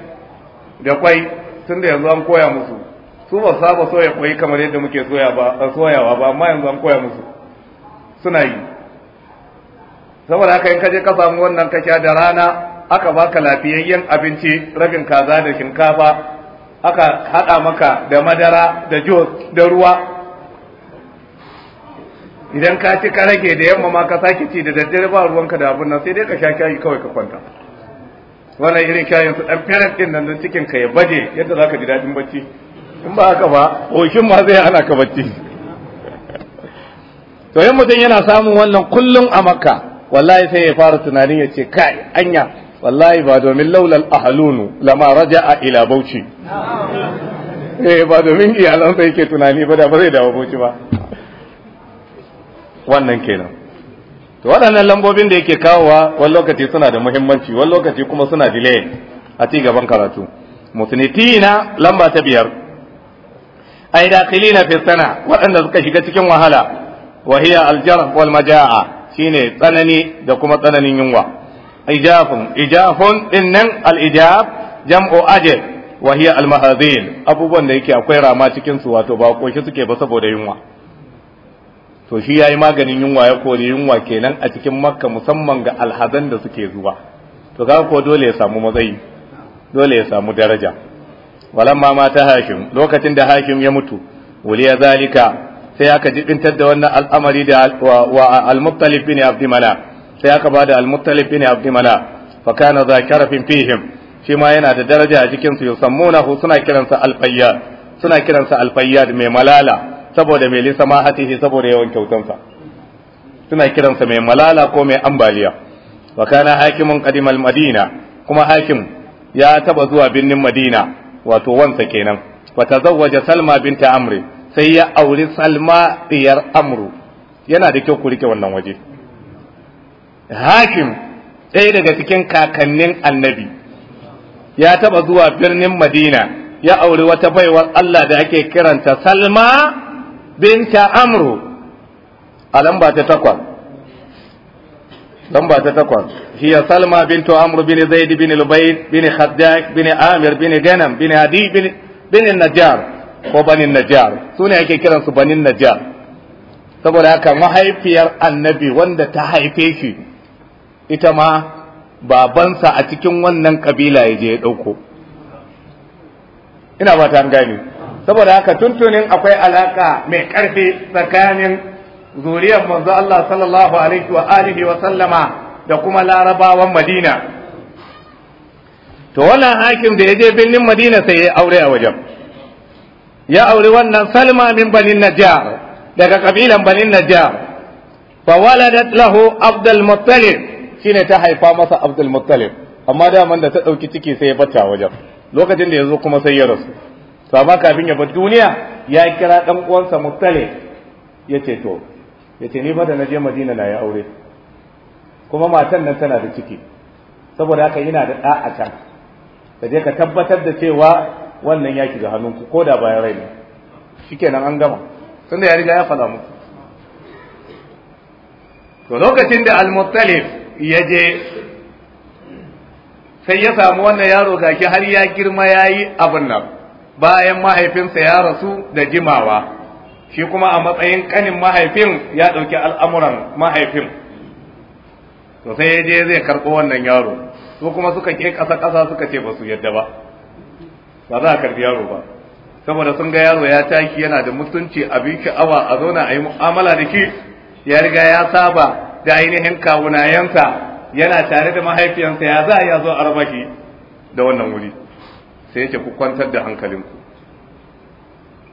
da kwai tun da yanzu an koya musu su ba saba soya kwai kamar yadda muke soya ba soyawa ba amma yanzu an koya musu suna yi saboda haka in ka je ka samu wannan ka sha da rana aka baka lafiyayyen abinci rabin kaza da shinkafa aka haɗa maka da madara da jos da ruwa idan ka ci ka rage da yamma ma ka sake ci da daddare ba ruwanka da abun nan sai dai ka sha shayi kawai ka kwanta wannan irin shayin su dan fere ɗin nan cikin ka ya baje yadda za ka ji daɗin bacci in ba haka ba hokin ma zai hana ka bacci to yamma mutum yana samun wannan kullum a makka wallahi sai ya fara tunanin ya ce kai anya wallahi ba domin laulal ahalunu lama raja'a ila bauchi eh ba domin sai yake tunani ba da ba zai dawo bauchi ba wannan kenan to waɗannan lambobin da yake kawowa wani lokaci suna da muhimmanci wani lokaci kuma suna dile a ci gaban karatu na lamba ta biyar da dakhilina fi sana waɗanda suka shiga cikin wahala wa hiya aljarh wal majaa shine tsanani da kuma tsananin yunwa ijafun ijafun dinnan nan al-ijab jam'u ajab wa hiya al abubuwan da yake akwai rama cikin su wato ba koshi suke ba saboda yunwa to shi yayi maganin yunwa ya kori yunwa kenan a cikin makka musamman ga alhazan da suke zuwa to ga ko dole ya samu matsayi dole ya samu daraja walamma mata hashim lokacin da hashim ya mutu wuliya zalika sai aka jibintar da wannan al'amari da wa al-muttalib bin abdimala sai aka bada al-muttalib bin abdimala fa kana zakarafin fihim shi ma yana da daraja a cikin su yusammuna hu suna kiransa al-fayyad suna kiransa al-fayyad mai malala saboda mai lisa mahatihi saboda yawan kyautansa suna kiransa mai malala ko mai ambaliya wa kana hakimun qadimal madina kuma hakim ya taba zuwa birnin madina wato wansa kenan wa tazawwaja salma binta amri sai ya auri salma diyar amru yana da kyau ku rike wannan waje hakim ɗaya daga cikin kakannin annabi ya taɓa zuwa birnin madina ya auri wata baiwar allah da ake kiranta salma binta amru a lamba ta takwas lamba ta takwas hiya salma bintu amru bin zaid bin lubayt bin khaddaq bin amir bin ganam bin hadi bin najjar ko banin najjar su ne ake kiransu banin najjar saboda haka mahaifiyar annabi wanda ta haife shi ita ma babansa a cikin wannan kabila ya je ya ɗauko ina ba ta gane saboda haka tuntunin akwai alaka mai ƙarfi tsakanin zuriyar manzo Allah sallallahu alaihi wa alihi wa sallama da kuma larabawan Madina to wannan hakim da ya je birnin Madina sai ya aure a wajen ya auri wannan salma min banin najjar daga kabilan banin najjar fa waladat lahu abdul muttalib shine ta haifa masa abdul muttalib amma da man da ta dauki ciki sai ya bata wajen lokacin da yazo kuma sai ya rasu to amma kafin ya bar duniya ya kira dan uwansa muttalib yace to yace ni ba da naje madina na ya aure kuma matan nan tana da ciki saboda haka ina da da a can ka je ka tabbatar da cewa wannan ya shiga hannunku ko da bayan rai ne nan an gama tunda ya riga ya faɗa muku to lokacin da al-muttalib ya je sai ya samu wannan yaro gaki har ya girma ya yi abin nan bayan mahaifinsa ya rasu da jimawa shi kuma a matsayin kanin mahaifin ya ɗauki al'amuran mahaifin to sai ya je zai karɓo wannan yaro su kuma suka ke ƙasa ƙasa suka ce ba su yadda ba ba za a karbi yaro ba saboda sun ga yaro ya taki yana da mutunci abin awa, a zauna a yi mu'amala da ki, ya riga ya saba da ainihin kawunayensa yana tare da mahaifiyansa ya za a yi zo a raba da wannan wuri sai ya ku kwantar da hankalinku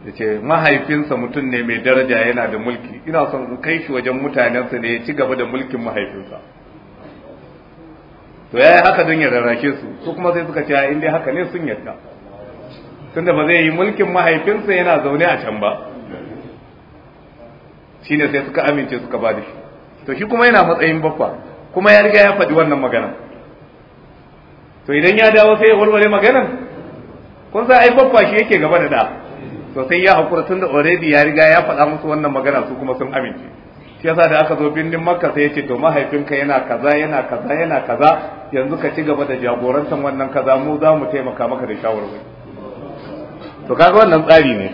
ya ce mahaifinsa mutum ne mai daraja yana da mulki ina son in kai shi wajen mutanensa ne ya ci gaba da mulkin mahaifinsa to ya yi haka don ya rarrake su su kuma sai suka ce in dai haka ne sun yarda tunda ba zai yi mulkin mahaifinsa yana zaune a can ba shine sai suka amince suka ba da shi to shi kuma yana matsayin baffa kuma ya riga ya faɗi wannan magana to idan ya dawo sai ya walwale maganan kun sa ai baffa shi yake gaba da da to sai ya hakura tunda already ya riga ya faɗa musu wannan magana su kuma sun amince shi yasa da aka zo birnin makka sai ya ce to mahaifinka yana kaza yana kaza yana kaza yanzu ka ci gaba da jagorantar wannan kaza mu za mu taimaka maka da shawarwari to kaga wannan tsari ne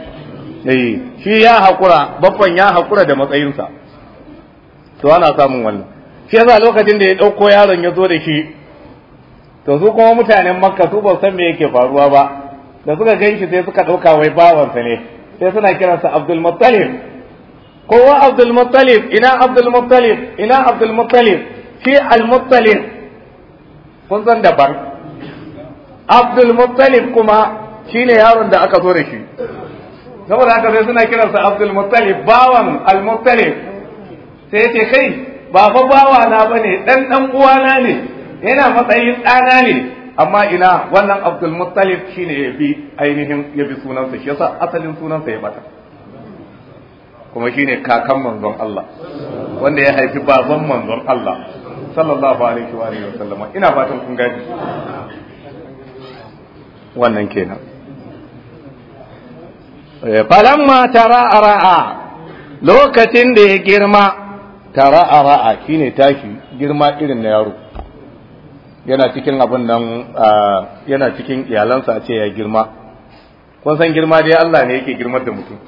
eh shi ya hakura babban ya hakura da matsayinsa to ana samun wannan shi yasa lokacin da ya dauko yaron ya zo da shi to su kuma mutanen makka su ba san me yake faruwa ba da suka gan shi sai suka dauka wai bawansa ne sai suna kiransa abdul muttalib kowa abdul muttalib ina abdul muttalib ina abdul muttalib shi al muttalib kun san daban abdul muttalib kuma Shi ne yaron da aka zo da shi saboda haka sai suna kiransa Abdul Muttalib bawan Al Muttalib sai yace kai ba fa bawa na bane dan dan uwana ne yana matsayin ɗana ne amma ina wannan Abdul Muttalib shi ya bi ainihin ya bi sunansa shi yasa asalin sunansa ya bata kuma shi ne kakan manzon Allah wanda ya haifi baban manzon Allah sallallahu alaihi wa alihi wa sallama ina fatan kun gani wannan kenan Eh, falamma ara'a lokacin da ya girma ara'a shine tashi girma irin na yaro yana cikin abin nan yana cikin iyalansa a ce ya girma kun san girma dai Allah ne yake girmar da mutum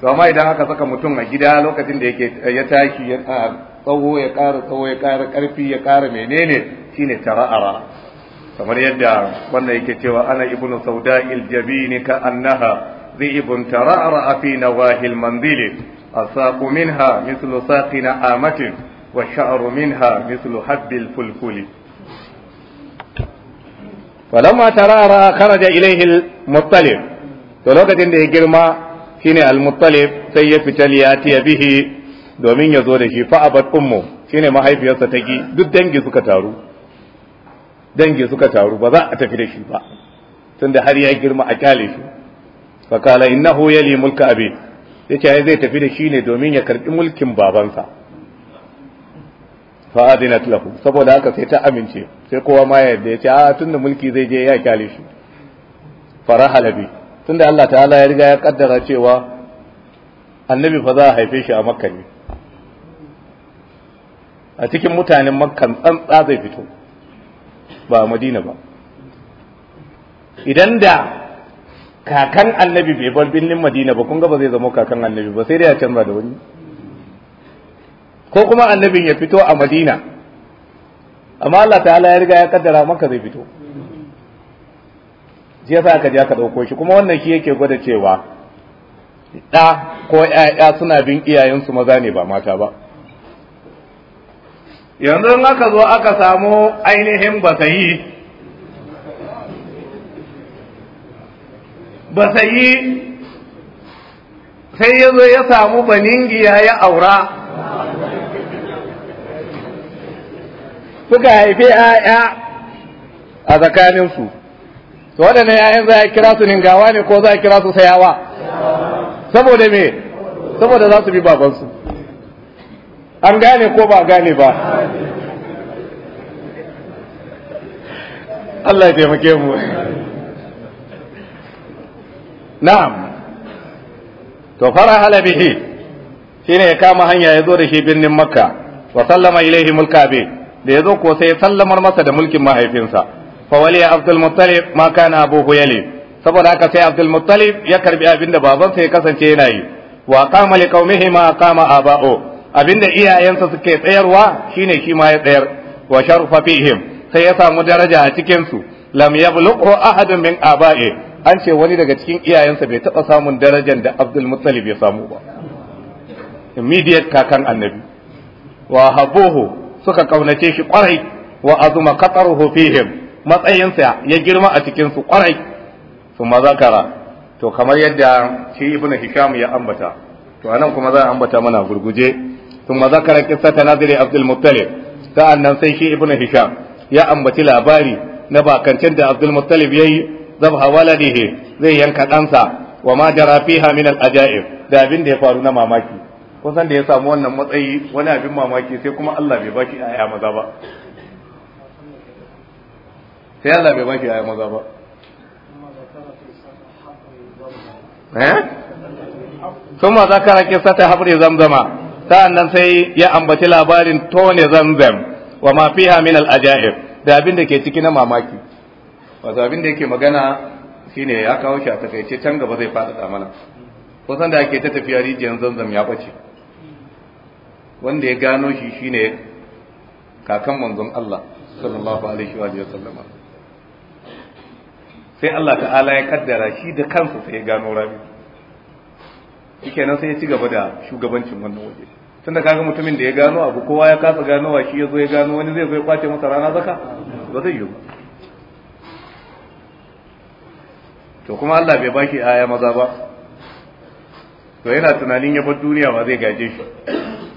to amma idan aka saka mutum a gida lokacin da yake eh, ya tashi ya tsawo ya ƙara tsawo ya ƙara ƙarfi ya ƙara menene shine tara'ara kamar yadda wannan yake cewa ana ibnu sauda'il jabini ka annaha ذئب ترعرع في نواهي المنزل الساق منها مثل ساق نعامة والشعر منها مثل حب الفلفل فلما ترعرع خرج إليه المطلب تلوكة دي جرما شيني المطلب سيف تلياتي به domin ya zo da shi fa'abat ummu shine mahaifiyarsa ta ki duk dangi suka taru dangi suka taru ba za a tafi da shi ba tunda har ya girma a kyale shi Fakala kala innahu yali mulka abi yace ai zai tafi da shi ne domin ya karbi mulkin babansa fa adinat lahu saboda haka sai ta amince sai kowa ma yarda ce a tunda mulki zai je ya kyale shi faraha labi tunda Allah ta'ala ya riga ya kaddara cewa annabi fa za a haife shi a makka ne a cikin mutanen makkan tsantsa zai fito ba madina ba idan da kakan annabi bai bar birnin madina ba kun ga ba zai zama kakan annabi ba sai dai ya canza da wani ko kuma annabin ya fito a madina amma Allah ta'ala ya riga ya kaddara maka zai fito shi yasa aka je aka dauko shi kuma wannan shi yake gwada cewa ɗa ko ƴaƴa suna bin iyayensu maza ne ba mata ba yanzu in aka zo aka samu ainihin basayi ba sai yi sai ya zo ya samu baningiya ya aura suka haifi ‘ya'ya a tsakaninsu su waɗannan ‘ya'yan za a kira su ningawa ne ko za a kira su sayawa saboda me saboda za su bi babansu an gane ko ba gane ba Allah ya taimake mu na'am to farahala bihi shine ya kama hanya ya zo da shi birnin makka wa sallama ilaihi mulka da ya zo ko sai ya sallamar masa da mulkin mahaifinsa fa waliya abdul muttalib ma kana abu huyali saboda haka sai abdul muttalib ya karbi abinda babansa ya kasance yana yi wa qama li qaumihi ma qama aba'u abinda iyayensa suke tsayarwa shine shi ma ya tsayar wa sharfa fihim sai ya samu daraja a cikin su lam yablughu ahadun min aba'i an ce wani daga cikin iyayensa bai taɓa samun darajar da abdul muttalib ya samu ba immediate kakan annabi wa habuhu suka kaunace shi kwarai wa azuma qataruhu fihim matsayinsa ya girma a cikin su kwarai to kamar yadda shi ibnu hikam ya ambata to anan kuma za a ambata mana gurguje thumma zakara na nadri abdul muttalib sa'annan sai shi ibnu hikam ya ambaci labari na bakancin da abdul muttalib yayi zabha waladihi zai yanka ɗansa wa ma jara fiha min al-ajaib da abin da ya faru na mamaki kun san da ya samu wannan matsayi wani abin mamaki sai kuma Allah bai baki aya maza ba sai Allah bai baki aya maza ba eh kuma zakara sata habri zamzama sa'an nan sai ya ambaci labarin tone zamzam wa ma fiha min al-ajaib da abin da ke ciki na mamaki wato abin da yake magana shine ya kawo shi a takaice can gaba zai faɗaɗa mana kusan da ake ta tafiya rijiyar zanzam ya ɓace wanda ya gano shi shine kakan manzon Allah sallallahu alaihi wa sallam. sai Allah ta'ala ya kaddara shi da kansa sai ya gano kike shikenan sai ya ci gaba da shugabancin wannan waje da kaga mutumin da ya gano abu kowa ya kasa ganowa shi ya zo ya gano wani zai zo ya kwace masa rana zaka ba zai yi ba to kuma Allah bai baki aya maza ba to yana tunanin ya bar duniya ba zai gaje shi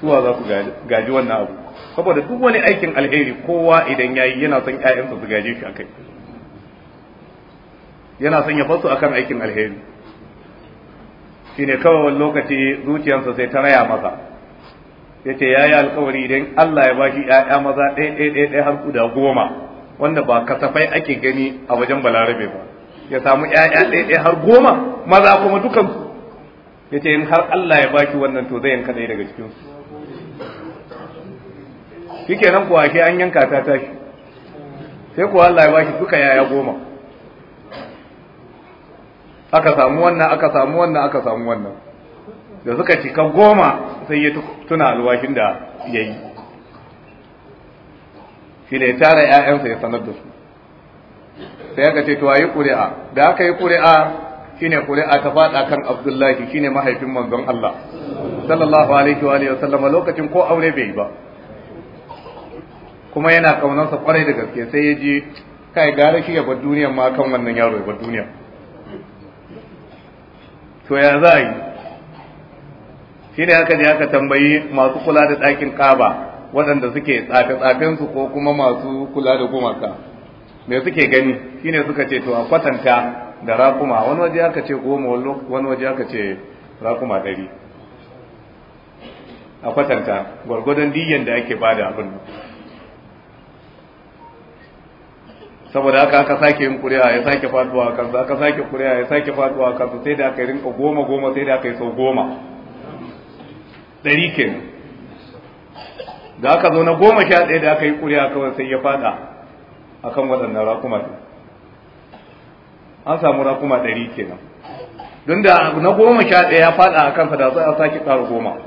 suwa za ku gaji wannan abu saboda duk wani aikin alheri kowa idan yayi yana son ƴaƴansa su gaje shi akai yana son ya fasu akan aikin alheri Shi ne kawai wani lokaci zuciyarsa sai ta raya masa ya yi alkawari idan Allah ya bashi ƴaƴa maza ɗaya ɗaya ɗaya har guda goma wanda ba kasafai ake gani a wajen balarabe ba ya samu ƴaƴa ɗaya har goma maza kuma dukan su ce in har Allah ya baki wannan to zai yanka ɗaya daga cikin su nan kuwa ke an yanka ta tashi sai kuwa Allah ya baki duka yaya goma aka samu wannan aka samu wannan aka samu wannan da suka cika goma sai ya tuna alwashin da ya yi shi da ya tara ‘ya'yansa ya sanar da su sai ga ce to ayi ƙuri'a da aka yi ƙuri'a shine ƙuri'a ta faɗa kan Abdullahi shine mahaifin manzon Allah sallallahu alaihi wa sallama lokacin ko aure bai ba kuma yana kaunansa kwarai da gaske sai ya je kai gara shi ya bar duniyar ma kan wannan yaro ya bar duniya to ya za a yi shine haka je aka tambayi masu kula da ɗakin kaba waɗanda suke tsafe-tsafensu ko kuma masu kula da gumaka me suke gani shine suka ce to a kwatanta da rakuma wani waje aka ce goma wani waje aka ce rakuma ɗari a kwatanta gwargwadon diyan da ake bada abin saboda haka aka sake yin kuri'a ya sake faduwa su aka sake kuri'a ya sake faduwa su sai da aka yi rinka goma goma sai da aka yi sau goma ɗari ke da aka zo na goma sha ɗaya da aka yi kuri'a kawai sai ya fada akan waɗannan rakuma ɗin an samu rakuma ɗari kenan don da na goma sha ɗaya ya faɗa a kansa da za a sake ƙara goma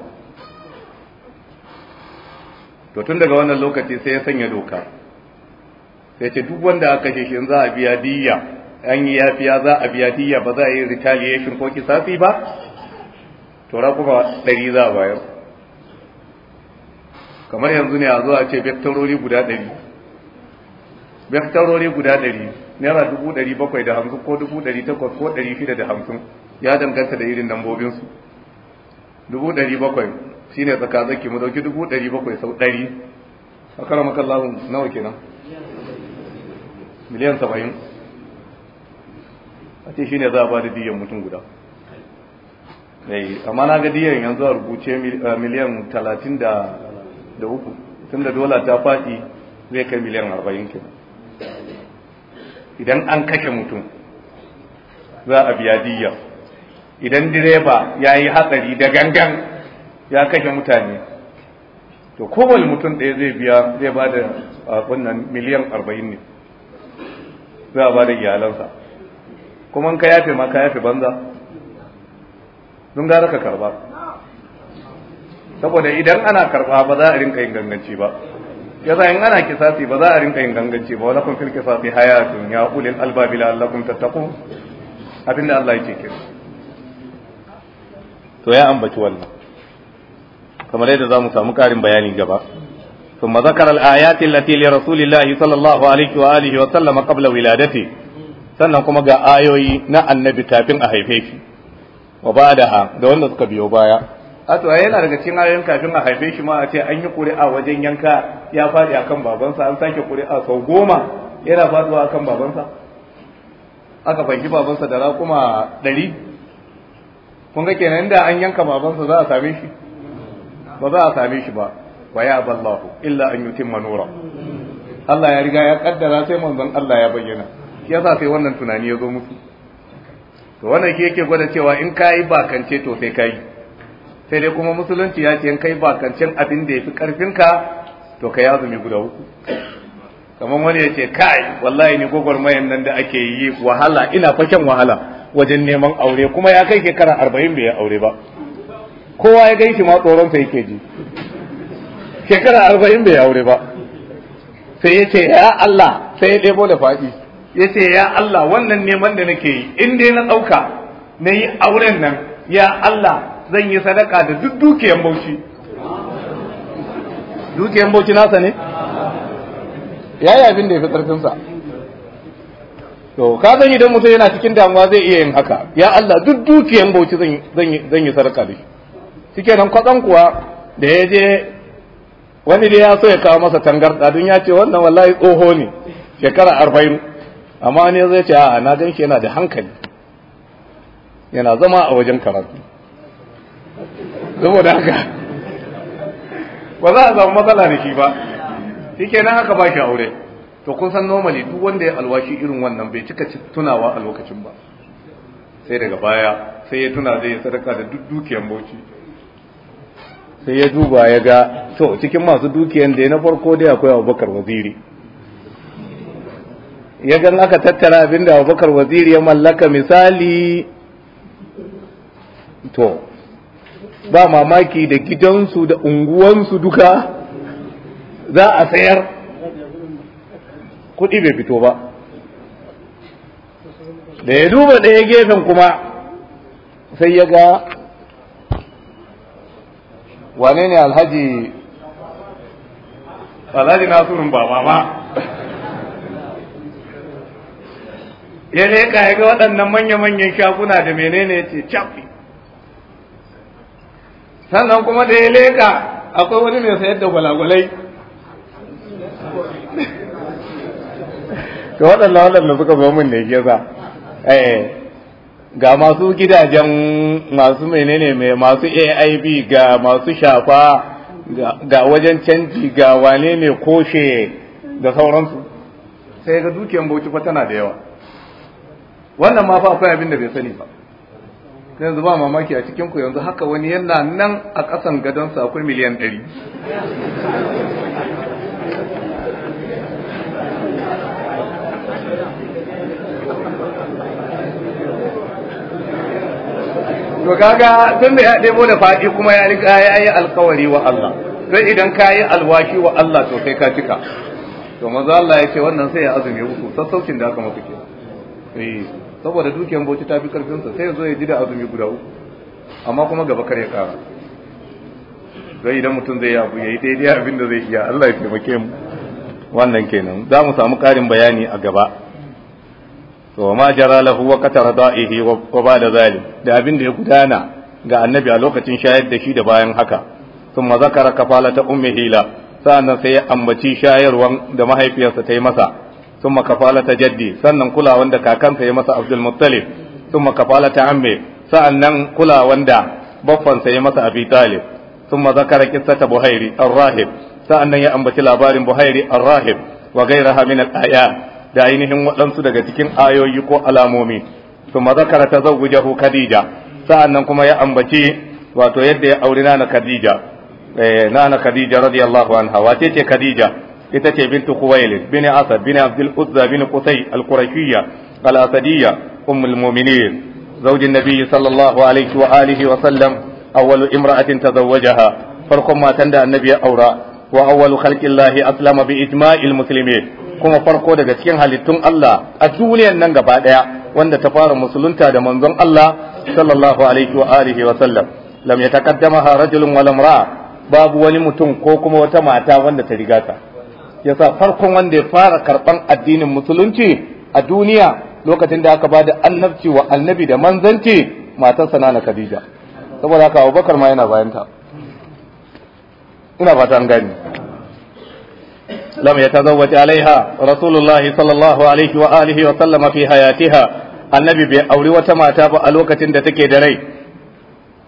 to tun daga wannan lokaci sai ya sanya doka sai ce duk wanda aka ce shi za a biya diya an yi yafiya za a biya diyya ba za a yi retaliation ko kisasi ba to rakuma ɗari za a bayar kamar yanzu ne a zo a ce vectorori guda ɗari vektarori guda ɗari naira dubu ɗari bakwai da hamsin ko dubu ɗari takwas ko ɗari shida da hamsin ya danganta da irin lambobinsu dubu ɗari bakwai shi ne tsakatsaki mu ɗauki dubu ɗari bakwai sau ɗari a kara makallahun nawa kenan miliyan saba'in a ce shi ne za a ba da diyan mutum guda eh, amma na ga diyan yanzu a rubuce miliyan talatin da uku tun da dola ta faɗi zai kai miliyan arba'in kenan idan an kashe mutum za a biya diyya idan direba ya yi hatsari da gangan ya kashe mutane to kowane mutum ɗaya zai biya zai ba da wannan miliyan arba'in ne za a ba da iyalansa kuma ka yafe ma ka yafe banza don gara ka karba saboda idan ana karba ba za a rinka yin ganganci ba yasa in ana kisasi ba za a rinka yin ganganci ba wala kun fil kisasi hayatun ya ulil albabi la'allakum tattaqun abinda Allah yake kira to ya ambaci wannan kamar yadda za mu samu karin bayani gaba ثم ذكر الآيات التي لرسول الله صلى الله عليه وآله وسلم قبل ولادته sannan kuma ga ayoyi na annabi kafin a haife shi wa ba da da wanda suka biyo baya a to yana daga cikin ayoyin kafin a haife shi ma a ce an yi ƙuri'a wajen yanka ya faɗi akan babansa an sake ƙuri'a sau goma yana faɗuwa akan babansa aka fanki babansa da raƙuma ɗari kun ga kenan inda an yanka babansa za a same shi ba za a same shi ba wa ya ballahu illa an yutim manura. Allah ya riga ya kaddara sai manzon Allah ya bayyana shi yasa sai wannan tunani ya zo musu to wannan ke yake gwada cewa in kai bakance to sai kai sai dai kuma musulunci ya ce kai bakancin abin da ya fi karfinka to ka yi azumi guda uku kamar wani ya ce kai wallahi ni mayan nan da ake yi wahala ina fashen wahala wajen neman aure kuma ya kai shekara arba'in bai aure ba kowa ya gan ma tsoron tsoronsa yake ji shekara arba'in bai aure ba sai ya ce ya Allah sai ya ɗebo da faɗi ya ce ya Allah wannan neman da nake yi in dai na ɗauka na yi auren nan ya Allah zan yi sadaka da duk dukiyan bauchi dukiyan bauchi nasa ne yayi abin da ya fi karfinsa to ka zan yi don mutum yana cikin damuwa zai iya yin haka ya Allah duk dukiyan bauchi zan yi sadaka da shi shike kwatsan kuwa da ya je wani da ya so ya kawo masa tangarda don ya ce wannan wallahi tsoho ne shekara arba'in amma ne zai ce a na gan shi yana da hankali yana zama a wajen karatu saboda haka ba za a samu matsala da shi ba shi nan haka ba shi aure to kun san normally duk wanda ya alwashi irin wannan bai cika tunawa a lokacin ba sai daga baya sai ya tuna zai sadaka da duk dukiyan bauchi sai ya duba ya ga to cikin masu dukiyan da na farko dai akwai abubakar waziri ya gan aka tattara abin da abubakar waziri ya mallaka misali to ba mamaki da gidansu da unguwansu duka za a sayar kuɗi bai fito ba da ya duba ɗaya gefen kuma sai ya ga wane ne alhaji alhaji nasirin ba ya leka ya ga waɗannan manya-manyan shaguna da menene ce cafi sannan kuma da ya leka akwai wani mai sayar da gwalagwalai ga waɗanda waɗanda suka zo min da geza eh, eh. ga masu gidajen masu menene mai masu aib ga masu shafa ga wajen canji ga wane ne koshe da sauransu sai ga dukiyan bauchi fa tana da yawa wannan ma fa akwai abin da bai sani ba yanzu ba mamaki a cikin ku yanzu haka wani yana nan a ƙasan sa akwai miliyan ɗari to kaga tun da ya ɗebo da faɗi kuma ya riga ya yi alkawari wa Allah sai idan ka yi alwashi wa Allah to kai ka cika to maza Allah ya ce wannan sai ya azumi uku sassaukin da aka mafi ke saboda dukiyar bauchi ta fi karfinsa sai zo ya ji da azumi guda uku amma kuma gaba kar ya kara zai idan mutum zai yi abu ya yi daidai abin da zai iya Allah ya taimake mu wannan kenan za mu samu karin bayani a gaba to ma jara lahu wa qatara da'ihi wa da zalim da abin da ya gudana ga annabi a lokacin shayar da shi da bayan haka thumma zakara kafalata ummi hila sa'annan sai ya ambaci shayarwan da mahaifiyarsa ta yi masa thumma kafalata jaddi sannan kulawan da kakansa ya masa Abdul Muttalib thumma kafalata amme sa'annan kulawan da baffansa ya masa abitali Talib thumma zakara qissata Buhairi ar-rahib sa'annan ya ambaci labarin Buhairi ar-rahib wagai ghayraha min al da ainihin waɗansu daga cikin ayoyi ko alamomi thumma zakara tazawwujahu Khadija sa'annan kuma ya ambaci wato yadda ya auri na Khadija eh na Khadija radiyallahu anha wace ce Khadija ita ce bintu Khuwailid bin Asad bin Abdul Uzza bin Qusay al-Qurashiyya al-Asadiyya ummul mu'minin zaujin nabiyyi sallallahu alaihi wa alihi wa sallam awwalu imra'atin tazawwajaha farkon matan da annabi ya aura wa awwalu khalqillahi aslama bi ijma'il kuma farko daga cikin halittun Allah a duniyar nan gaba ɗaya, wanda ta fara musulunta da manzon Allah sallallahu alaihi wa alihi wa sallam lam yataqaddamaha rajulun wala imra'a babu wani mutum ko kuma wata mata wanda ta riga ta yasa farkon wanda ya fara karban addinin musulunci a duniya lokacin da aka bada annabci wa annabi da manzanci matarsa na Khadija saboda haka Abubakar ma yana bayanta ina fata an gani lam yatazawwaj alaiha rasulullah sallallahu alaihi wa alihi wa sallam fi hayatiha annabi bai auri wata mata ba a lokacin da take da rai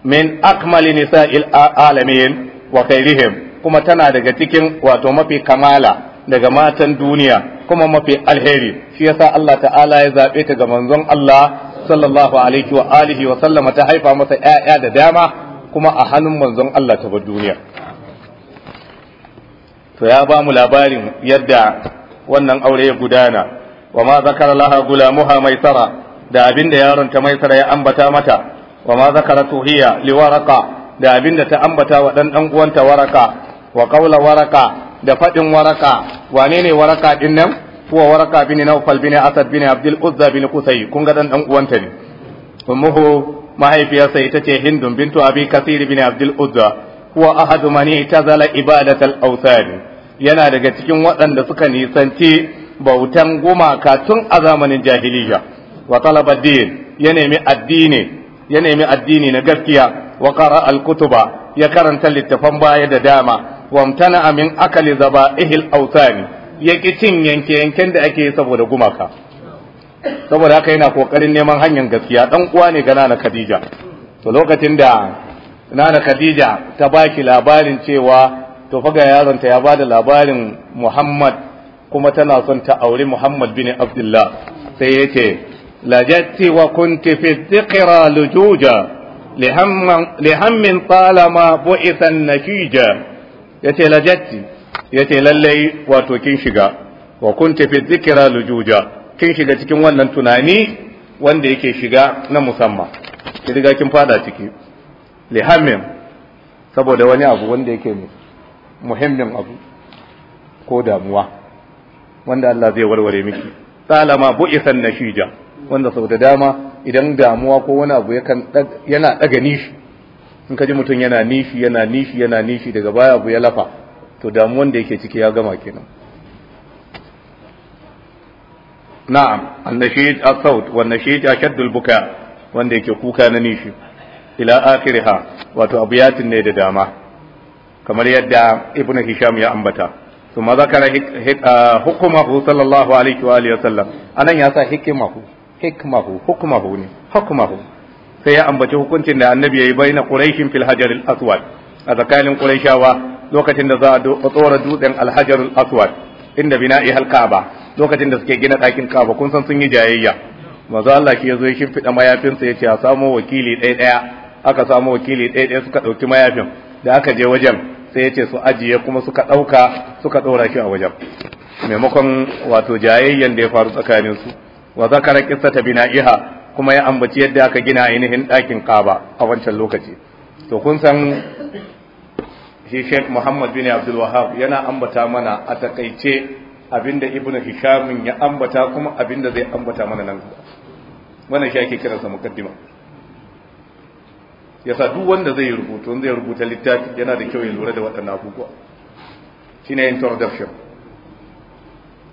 min akmali nisa'il alamin wa khairihim kuma tana daga cikin wato mafi kamala daga matan duniya kuma mafi alheri shi yasa Allah ta'ala ya zabe ta ga manzon Allah sallallahu alaihi wa alihi wa sallama ta haifa masa ƴaƴa da dama kuma a hannun manzon Allah ta bar duniya to ya ba mu labarin yadda wannan aure ya gudana wa ma zakara laha gulamuha maisara da abinda yaron ta maisara ya ambata mata wa ma zakara hiya liwaraka da abinda ta ambata wa dan dan uwanta waraka wa qawla waraka da faɗin waraka wane ne waraka din nan kuwa waraka bin naufal bin asad bin abdul uzza bin kusai kun ga dan dan uwanta ne ummuhu mahaifiyarsa ita ce hindun bintu abi kasir bin abdul uzza kuwa ahadu mani tazala ibadatal awsan yana daga cikin waɗanda suka nisanci bautan gumaka tun a zamanin jahiliya wa talaba din ya nemi addini ya nemi addini na gaskiya wa qara al kutuba ya karanta littafan baya da dama wamtana amin akali zaba ihil autani yaki cin yanke yanken da ake saboda gumaka saboda haka yana kokarin neman hanyar gaskiya Ɗan uwa ne ga nana Khadija to lokacin da nana Khadija ta baki labarin cewa to faga yaron ta ya bada labarin Muhammad kuma tana son ta auri Muhammad bin Abdullah sai yace lajatti wa kunti fi dhiqra lujuja lihammin talama bu'isan nakija yace lajatti yace lallai wato kin shiga wa kunta fi dhikra lujuja kin shiga cikin wannan tunani wanda yake shiga na musamman ki riga kin fada ciki lihammin saboda wani abu wanda yake muhimmin abu ko damuwa wanda Allah zai warware miki talama bu'isan nashija wanda sau da dama idan damuwa ko wani abu yana daga nishi in ka ji mutum yana nishi yana nishi yana nishi daga baya abu ya lafa to damuwan da yake ciki ya gama kenan na'am annashid as-saut wa annashid ashaddu al-buka wanda yake kuka na nishi ila akhiriha wato abiyatin ne da dama kamar yadda ibnu hisham ya ambata to ah, wa ذكر wa صلى الله عليه وآله وسلم أنا hukuma hu ne hukuma hu sai ya ambaci hukuncin da annabi ya yi bai na ƙuraishin fil al aswad a tsakanin ƙuraishawa lokacin da za a tsora dutsen alhajarul aswad inda bina'i Ka'aba lokacin da suke gina ɗakin kaba kun san sun yi jayayya maza Allah ya yazo ya shimfiɗa mayafinsa ya ce a samo wakili ɗaya ɗaya aka samo wakili ɗaya ɗaya suka ɗauki mayafin da aka je wajen sai ya ce su ajiye kuma suka ɗauka suka ɗora shi a wajen maimakon wato jayayyan da ya faru tsakaninsu wa zakara kissa ta bina'iha kuma ya ambaci yadda aka gina ainihin ɗakin kaba a wancan lokaci to kun san shi Sheikh Muhammad bin Abdul Wahab yana ambata mana a takaice abinda Ibn Hisham ya ambata kuma abinda zai ambata mana nan gaba wannan shi ake kiransa mukaddima yasa duk wanda zai rubuta zai rubuta littafi yana da kyau ya lura da waɗannan abubuwa shine introduction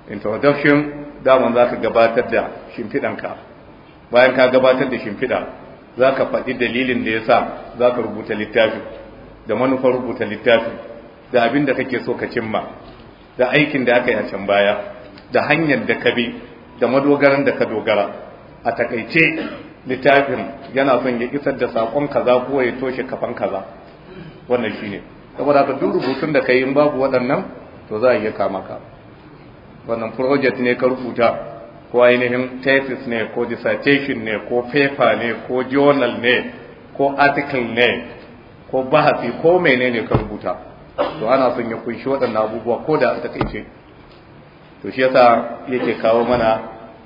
introduction daman za ka gabatar da shimfiɗanka bayan ka gabatar da shimfiɗa za ka faɗi dalilin da ya sa za ka rubuta littafi da manufar rubuta littafi da abin da kake so ka cimma da aikin da aka yi a can baya da hanyar da ka bi da madogaran da ka dogara a takaice littafin yana son ya isar da saƙon kaza ko ya toshe kafan kaza wannan shine saboda ka duk rubutun da ka yi in babu waɗannan to za a iya kama ka wannan project ne ka rubuta ko ainihin thesis ne ko dissertation ne ko paper ne ko journal ne ko article ne ko bahasi ko menene ka rubuta to ana son ya kunshi waɗannan abubuwa ko da a takaice to shi yasa yake kawo mana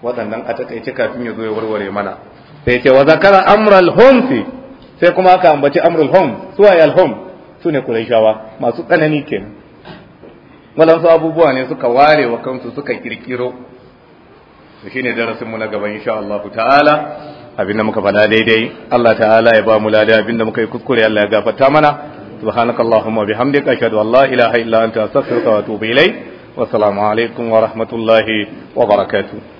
waɗannan a takaice kafin ya zo ya warware mana sai ce wa zakara amral homsi sai kuma aka ambaci amral hom suwaye alhom su ne kuraishawa masu tsanani kenan waɗansu abubuwa ne suka ware wa kansu suka kirkiro to shine darasin mu na gaban insha Allah ta'ala abinda muka faɗa daidai Allah ta'ala ya ba mu abin abinda muka yi kuskure Allah ya gafarta mana subhanakallahumma bihamdika ashhadu an la ilaha illa anta astaghfiruka wa atubu ilayk wa assalamu alaikum wa rahmatullahi wa barakatuh